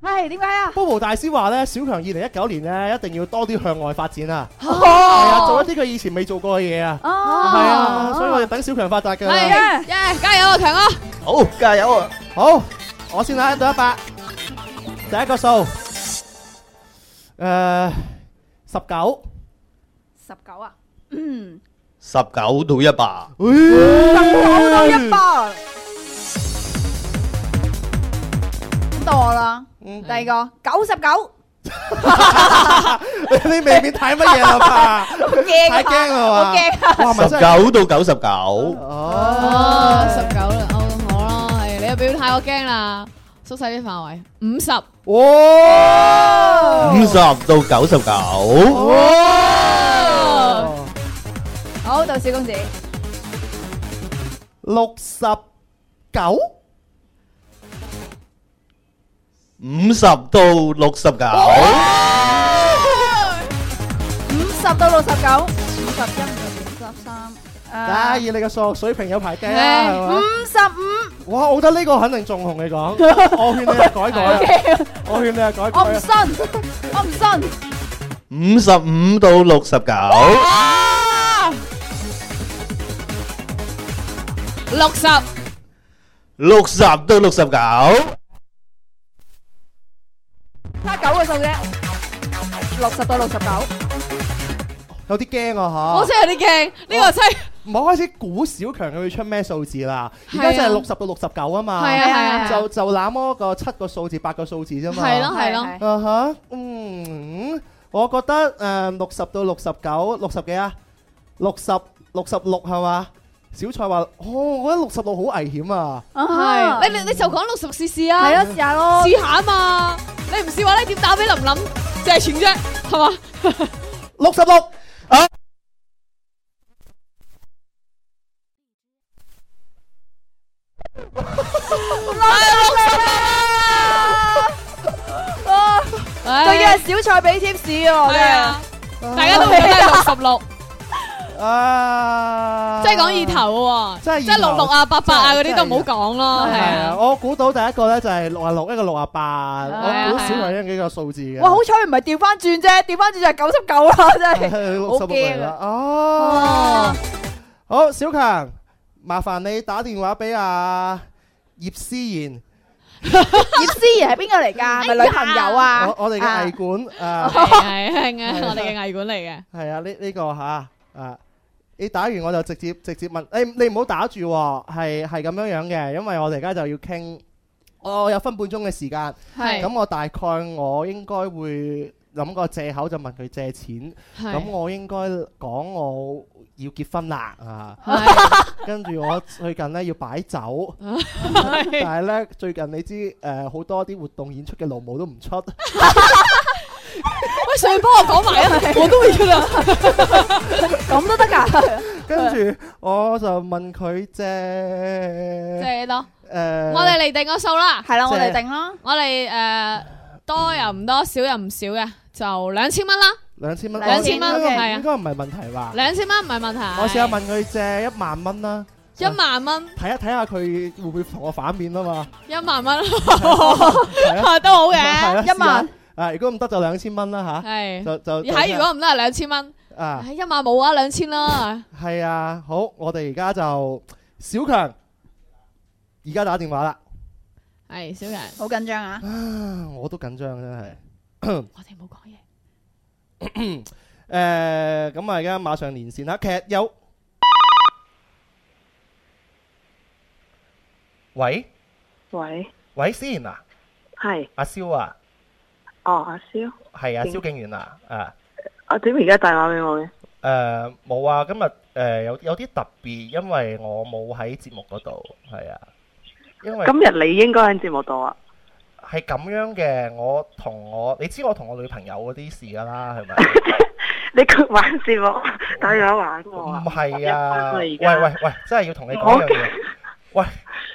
係點解啊？波豪大師話咧，小強二零一九年咧一定要多啲向外發展啊！係啊，做一啲佢以前未做過嘅嘢啊！係啊，所以我哋等小強發達㗎。係啊，加油啊，強哥！好，加油啊！好，我先啦，一到一百，第一個數，誒，十九，十九啊，嗯，十九到一百，十九到一百。多啦，第二個九十九，你未免睇乜嘢啦吧？驚，太驚啦嘛！十九到九十九，哦，十九啦，哦好啦，你又表現太我驚啦，縮細啲範圍，五十，哇，五十到九十九，好，肖公子，六十九。五十到六十九，五十到六十九，五十一、五十二、五十三。阿二，你個數學水平有排驚啊！五十五，哇！我覺得呢個肯定仲同你講，我勸你改改，我勸你啊改改。我唔信，我唔信。五十五到六十九，六十，六十到六十九。差九個數啫，六十到六十九，有啲驚啊吓！好似有啲驚，呢個七，唔好開始估小強佢會出咩數字啦。而家就係六十到六十九啊嘛，係啊係啊，啊啊就就那麼個七個數字、八個數字啫嘛。係咯係咯。啊哈、啊啊啊嗯，嗯，我覺得誒，六、嗯、十到六十九，六十幾啊，六十六十六係嘛？小蔡話：哦，我覺得六十六好危險啊！係，你你你就講六十試試啊！係咯，試下咯，試下啊嘛！你唔試話咧，點打俾林林？借錢啫，係嘛？六十六啊！六十六啊！啊！仲要係小蔡俾貼士哦，係啊！大家都俾啦，六十六。啊，即係講意頭喎，即係即係六六啊、八八啊嗰啲都唔好講咯，係啊。我估到第一個咧就係六啊六，一個六啊八，我估小強，呢幾個數字嘅。哇，好彩唔係調翻轉啫，調翻轉就係九十九啦，真係好驚啊！哦，好，小強，麻煩你打電話俾阿葉思妍。葉思妍係邊個嚟噶？係女朋友啊？我哋嘅藝管誒，係係我哋嘅藝管嚟嘅。係啊，呢呢個吓啊。你打完我就直接直接問，欸、你你唔好打住、哦，係係咁樣樣嘅，因為我哋而家就要傾，我、哦、有分半鐘嘅時,時間，咁是我大概我應該會諗個藉口就問佢借錢，咁是我應該講我要結婚啦，啊是， [LAUGHS] 跟住我最近咧要擺酒， [LAUGHS] 是 [LAUGHS] 但係咧最近你知誒好、呃、多啲活動演出嘅勞務都唔出。 [LAUGHS] [LAUGHS] 喂，順便幫我講埋啊！我都會要啦，咁都得噶。跟住我就問佢借借幾多？誒，我哋嚟定個數啦，係啦，我哋定啦，我哋誒多又唔多，少又唔少嘅，就兩千蚊啦，兩千蚊，兩千蚊嘅，應該唔係問題吧？兩千蚊唔係問題，我試下問佢借一萬蚊啦，一萬蚊，睇一睇下佢會唔會同我反面啊嘛？一萬蚊都好嘅，一萬。啊！如果唔得就兩千蚊啦吓，就就睇如果唔得係兩千蚊啊，一萬冇啊，兩千啦。係啊，好，我哋而家就小強，而家打電話啦。係小強，好緊張啊！啊，我都緊張真係。我哋冇講嘢。誒，咁啊，而家馬上連線啦。劇友，喂，喂，喂，詩然啊，係阿蕭啊。哦，阿蕭係啊，蕭敬遠啊，啊，阿點而家打電話俾我嘅？誒，冇啊，今日誒有有啲特別，因為我冇喺節目嗰度，係啊，因為今日你應該喺節目度啊。係咁樣嘅，我同我你知我同我女朋友嗰啲事噶啦，係咪？你玩節目，大家玩我？唔係啊，喂喂喂，真係要同你講樣嘢。喂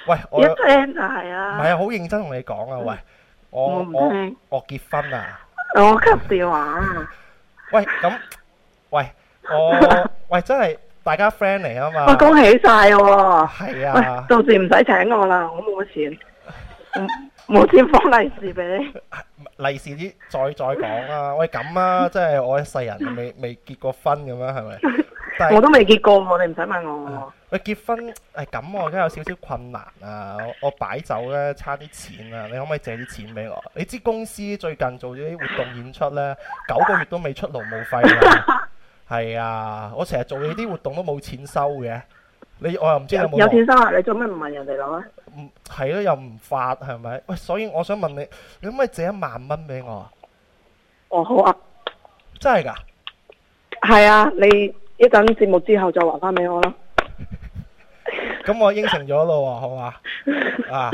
喂，一 friend 係啊，唔係啊，好認真同你講啊，喂。我唔聽，我結婚啊！我 cut 電話喂，咁，喂，我喂，真係大家 friend 嚟啊嘛！我 [LAUGHS] 恭喜晒喎！係啊，啊！到時唔使請我啦，我冇錢，冇錢放利是俾你。利是啲再再講啦，啊！喂，咁啊，即係我一世人未未，未結過婚咁樣，係咪？ [LAUGHS] 我都未結過喎，你唔使問我。喂、嗯哎，結婚誒咁，哎、我而家有少少困難啊！我我擺酒咧，差啲錢啊！你可唔可以借啲錢俾我？你知公司最近做咗啲活動演出咧，九個月都未出勞務費。係 [LAUGHS] 啊，我成日做呢啲活動都冇錢收嘅。你我又唔知有冇。有錢收啊！你做咩唔問人哋攞啊？唔係咯，又唔發係咪？喂、嗯，所以我想問你，你可唔可以借一萬蚊俾我？哦，好啊，真係㗎？係啊，你。你一陣節目之後再還翻俾我咯，咁我應承咗咯，好嘛？啊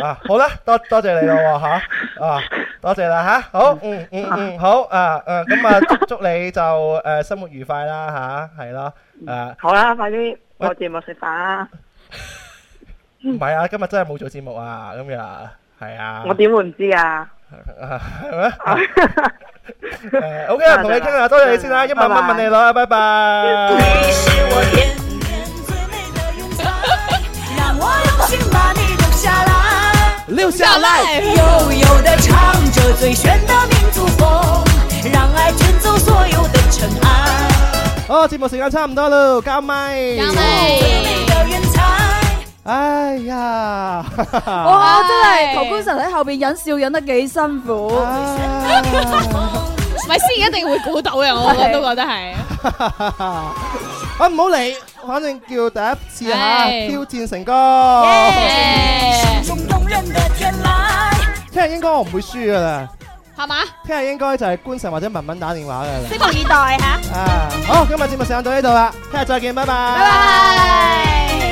啊，好啦，多多謝你咯，吓啊，多謝啦，吓，好，嗯嗯嗯，好啊啊，咁啊，祝祝你就誒，生活愉快啦，吓，係咯，誒，好啦，快啲做節目食飯啦，唔係啊，今日真係冇做節目啊，咁樣，係啊，我點會唔知啊？OK，同你傾下啦多謝你先啦，啦一百百蚊問你咯，拜拜。留 [LAUGHS] [LAUGHS] [LAUGHS] 下來。留下來。 [LAUGHS] 好，節目時間差唔多咯，加麥。加麥加麥哎呀！哇，真係陶觀辰喺後邊忍笑忍得幾辛苦，咪先一定會估到嘅，我都覺得係。啊，唔好理，反正叫第一次啊，挑戰成功。聽日應該我唔會輸噶啦，係嘛？聽日應該就係觀辰或者文文打電話噶啦。拭目以待吓。啊，好，今日節目上到呢度啦，聽日再見，拜拜。拜拜。